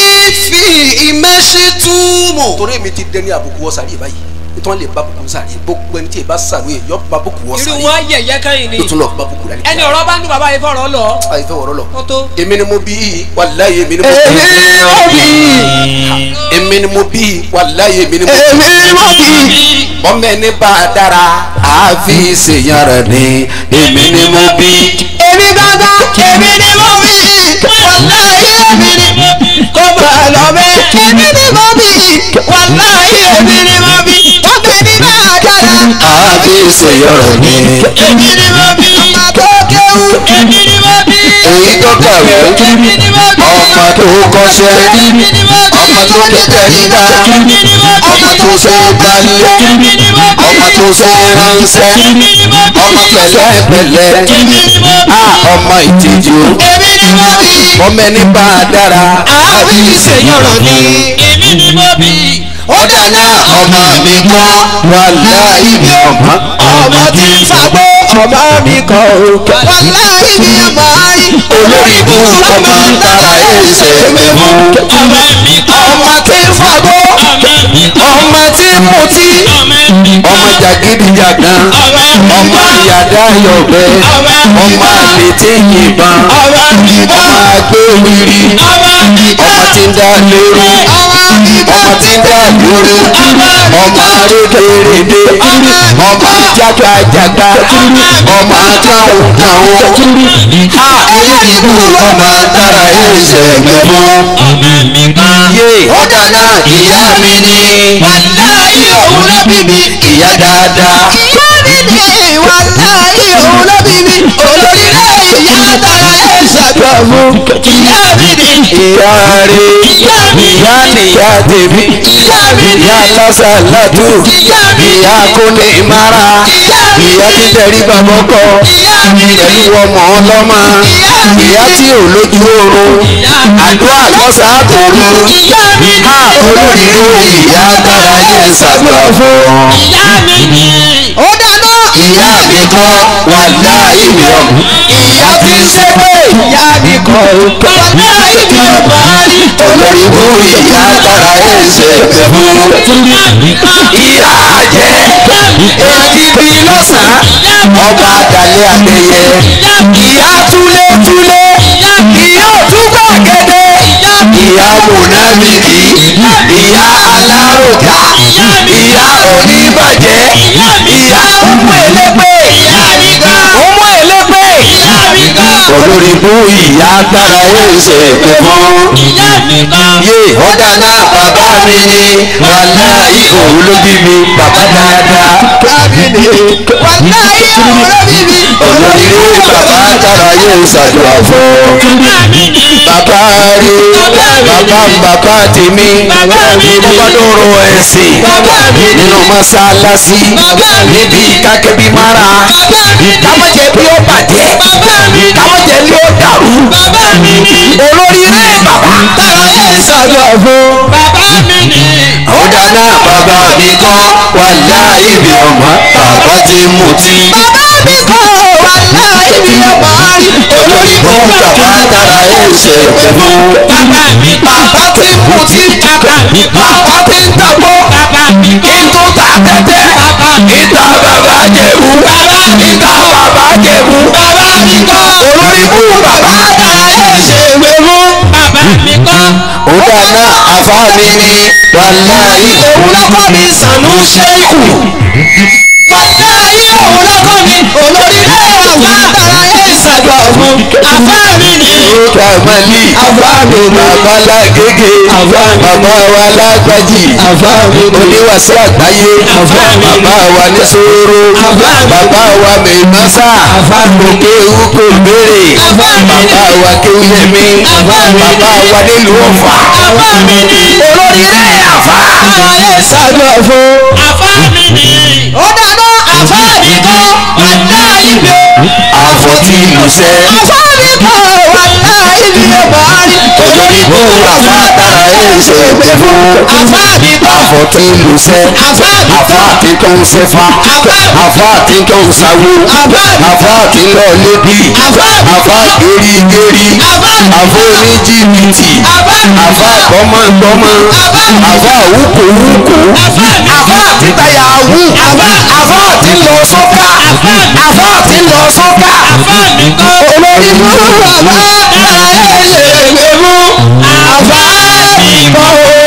fi ìmẹ́sí túmọ̀. torí mi ti dẹni àbùkù ọ̀sàrí báyìí nítorí lè bá bùkún sáré gbogbo ẹni tí ì bá sàrò yọ bá bùkún wọ sáré. irú wọn yẹyẹ kẹyìn ni. tuntun lọ bá bùkún lálẹ́. ẹni ọ̀rọ̀ bá ń dùn bàbá yìí fọ̀rọ̀ lọ. a yìí fẹ́ lọ. o èmi ni mo bí i wàláyé èmi ni mo bí i. èmi mo bí i. èmi ni mo bí i wàláyé èmi ni mo bí i. èmi mo bí i. bọ́mẹ́ni bá a dára àáfi ṣèyàn rẹ̀ ni èmi ni mo bí i èmi gángan èmi ni mo bí wàláyé èmi ni mo bí kó máa lọ bẹ́ èmi ni mo bí wàláyé èmi ni mo bí ọkẹ́ mi máa dára. àbí ìṣèyọ̀rọ̀ mi. èmi ni mo bí èyí tó kàwé ọmọ tó kọ́ṣẹ́ ọmọ tó tẹ̀tẹ̀ yíká ọmọ tó ṣe balẹ̀ ọmọ tó ṣe ránṣẹ́ ọmọ pẹ̀lẹ́pẹ̀lẹ́ a ọmọ ìtìjú ọmọ ẹni bá a dára àbí ìṣèyànràn ni ó dáná ọmọ mi kọ́ wà láì ní ọmọ ọmọ tí ń fagbó ọmọ mi kọ òkè. wàláhì ni ọmọ ayé. olórí bú ọmọ náà ẹsẹ̀ mi mú. ọmọ tí ń fagbó. ọmọ tí ń mutí. ọmọ jàgídíjàgan. ọmọ ìyàdá yọ̀bẹ. ọmọ àlè tí ń yìnbọn. ọmọ àgbéwìrì. ọmọ tí ń dá lérú ọmọ tí ń dá ìlú ọmọ arékèrèdè ọmọ jagajaga ọmọ akáwọ káwọ ẹyẹ ìlú ọmọ tára ẹsẹ mẹfọ. ọ̀dà náà ìyá mi ni wàláyé òun ló bí mi ìyá dáadáa. ìyá mi ni wàláyé òun ló bí mi olórí náà ìyá dára ẹsẹ ìyàwó ìyá mi ni ìyá rẹ ìyá mi ìyá ni ìyá tèmi ìyá mi ni ìyá lásàlátù ìyá mi ìyá kóni ìmárà ìyá mi ìyá títẹ̀rí bàbá ọkọ ìyá mi pẹ̀lú ọmọ ọlọ́mọ ìyá tí ò lójú oorun àdúrà lọ́sà àtòru ìyá mi ni olórí ìyá dára yẹn sábà fún ìyá mi ni ìyá mi kọ́ wà láàyè mi lọ. ìyá ti ṣe pé ìyá mi kọ́ wà láàyè mi lọ parí. olórí bó ìyá dára ó ṣe pé fún. ìyá jẹ́ èyí bí lọ́sàn-án ọba àdàlẹ́ àbẹ̀yẹ. ìyá túlé túlé ìyá òtún gbàgede ìyá mùnáfìkì ìyá alárùkà ìyá oníbàjẹ́ ìyá ọmọ elépè ìyá nígbà olórí ibú ìyá agbára èsè kankan. yé ọ̀dà náà bàbá mi ni wàlá ìhòòhò ló bí mi bàbá dáadáa. wàlá ìhòòhò ló bí mi. olórí ibú bàbá agbára yóò ṣàdúrà fún ọ. bàbá rí bàbá bàbá tèmi bàbá lóró ẹ̀sìn nínú mọ́sálásí níbi kákẹ́bí mara ìkámọ̀jẹ̀ bí ó bàjẹ́ ìkámọ̀jẹ̀ bí ó dàrú olórí rẹ̀ bàbá. tára ẹ̀ ṣàdúrà fún. bàbá mi ni. ọ̀dà náà bàbá mi kọ́ wà láàyè bí ọmọ bàbá ti mutí. bàbá mi kọ́ aláìní ọmọ olórí kúrò bàbá ẹsẹ̀ pẹ̀lú bàbá mi bàbá tí mo ti bàbá mi bàbá tí ń tàbó bàbá mi ìtò tàtẹ́tẹ́ bàbá mi ìta bàbá jẹ̀bù bàbá mi ìta bàbá jẹ̀bù bàbá mi kọ́ olórí kúrò bàbá ẹsẹ̀ pẹ̀lú bàbá mi kọ́. òun àná àfáàmì ni wàláyé. òun ló kọ́ mi sànú ṣẹ́kù. wàláyé òun lọ́kọ́ mi olórí lẹ́wà wá tara ẹ̀ ṣàjọ ọ̀hún àbá mi ni. kàmá ní àbá mi bàbá lágége àbá bàbá wa lágbájì àbá mi oníwàsí àgbáyé àbá bàbá wa ní sóró àbá bàbá wa mèmásà àbá mi kéwú kò béèrè àbá wa kéwú yẹmi àbá wa nílùú ọ̀fà àbá mi ni olórí lẹ́yà àbá. àbá ẹ̀ ṣàjọ fún. ni. ó dáná àfáàní kan wà láàyè pé àfọ̀tí ìlú sẹ́. àfáàní kan ilé buhari òjò nígbò làfàtà ẹsẹ̀ gbẹ̀fọ́ àfáàdì tó àfọ̀tí lùsẹ̀ àfáàdì tó ń sẹ́fà àfáàdì tó ń sáwó àfáàdì lọ lébi àfáàdì orí geri àfóòní jìbìtì àfáàgbọ́mọgbọ́mọ àfáàwúkòwúkò àfáàdì táyà wú àfáàdì lọ sọ́kà àfáàdì lọ sọ́kà olórí mú bàbá ẹ̀ lè lè mú àbá ìbọn o.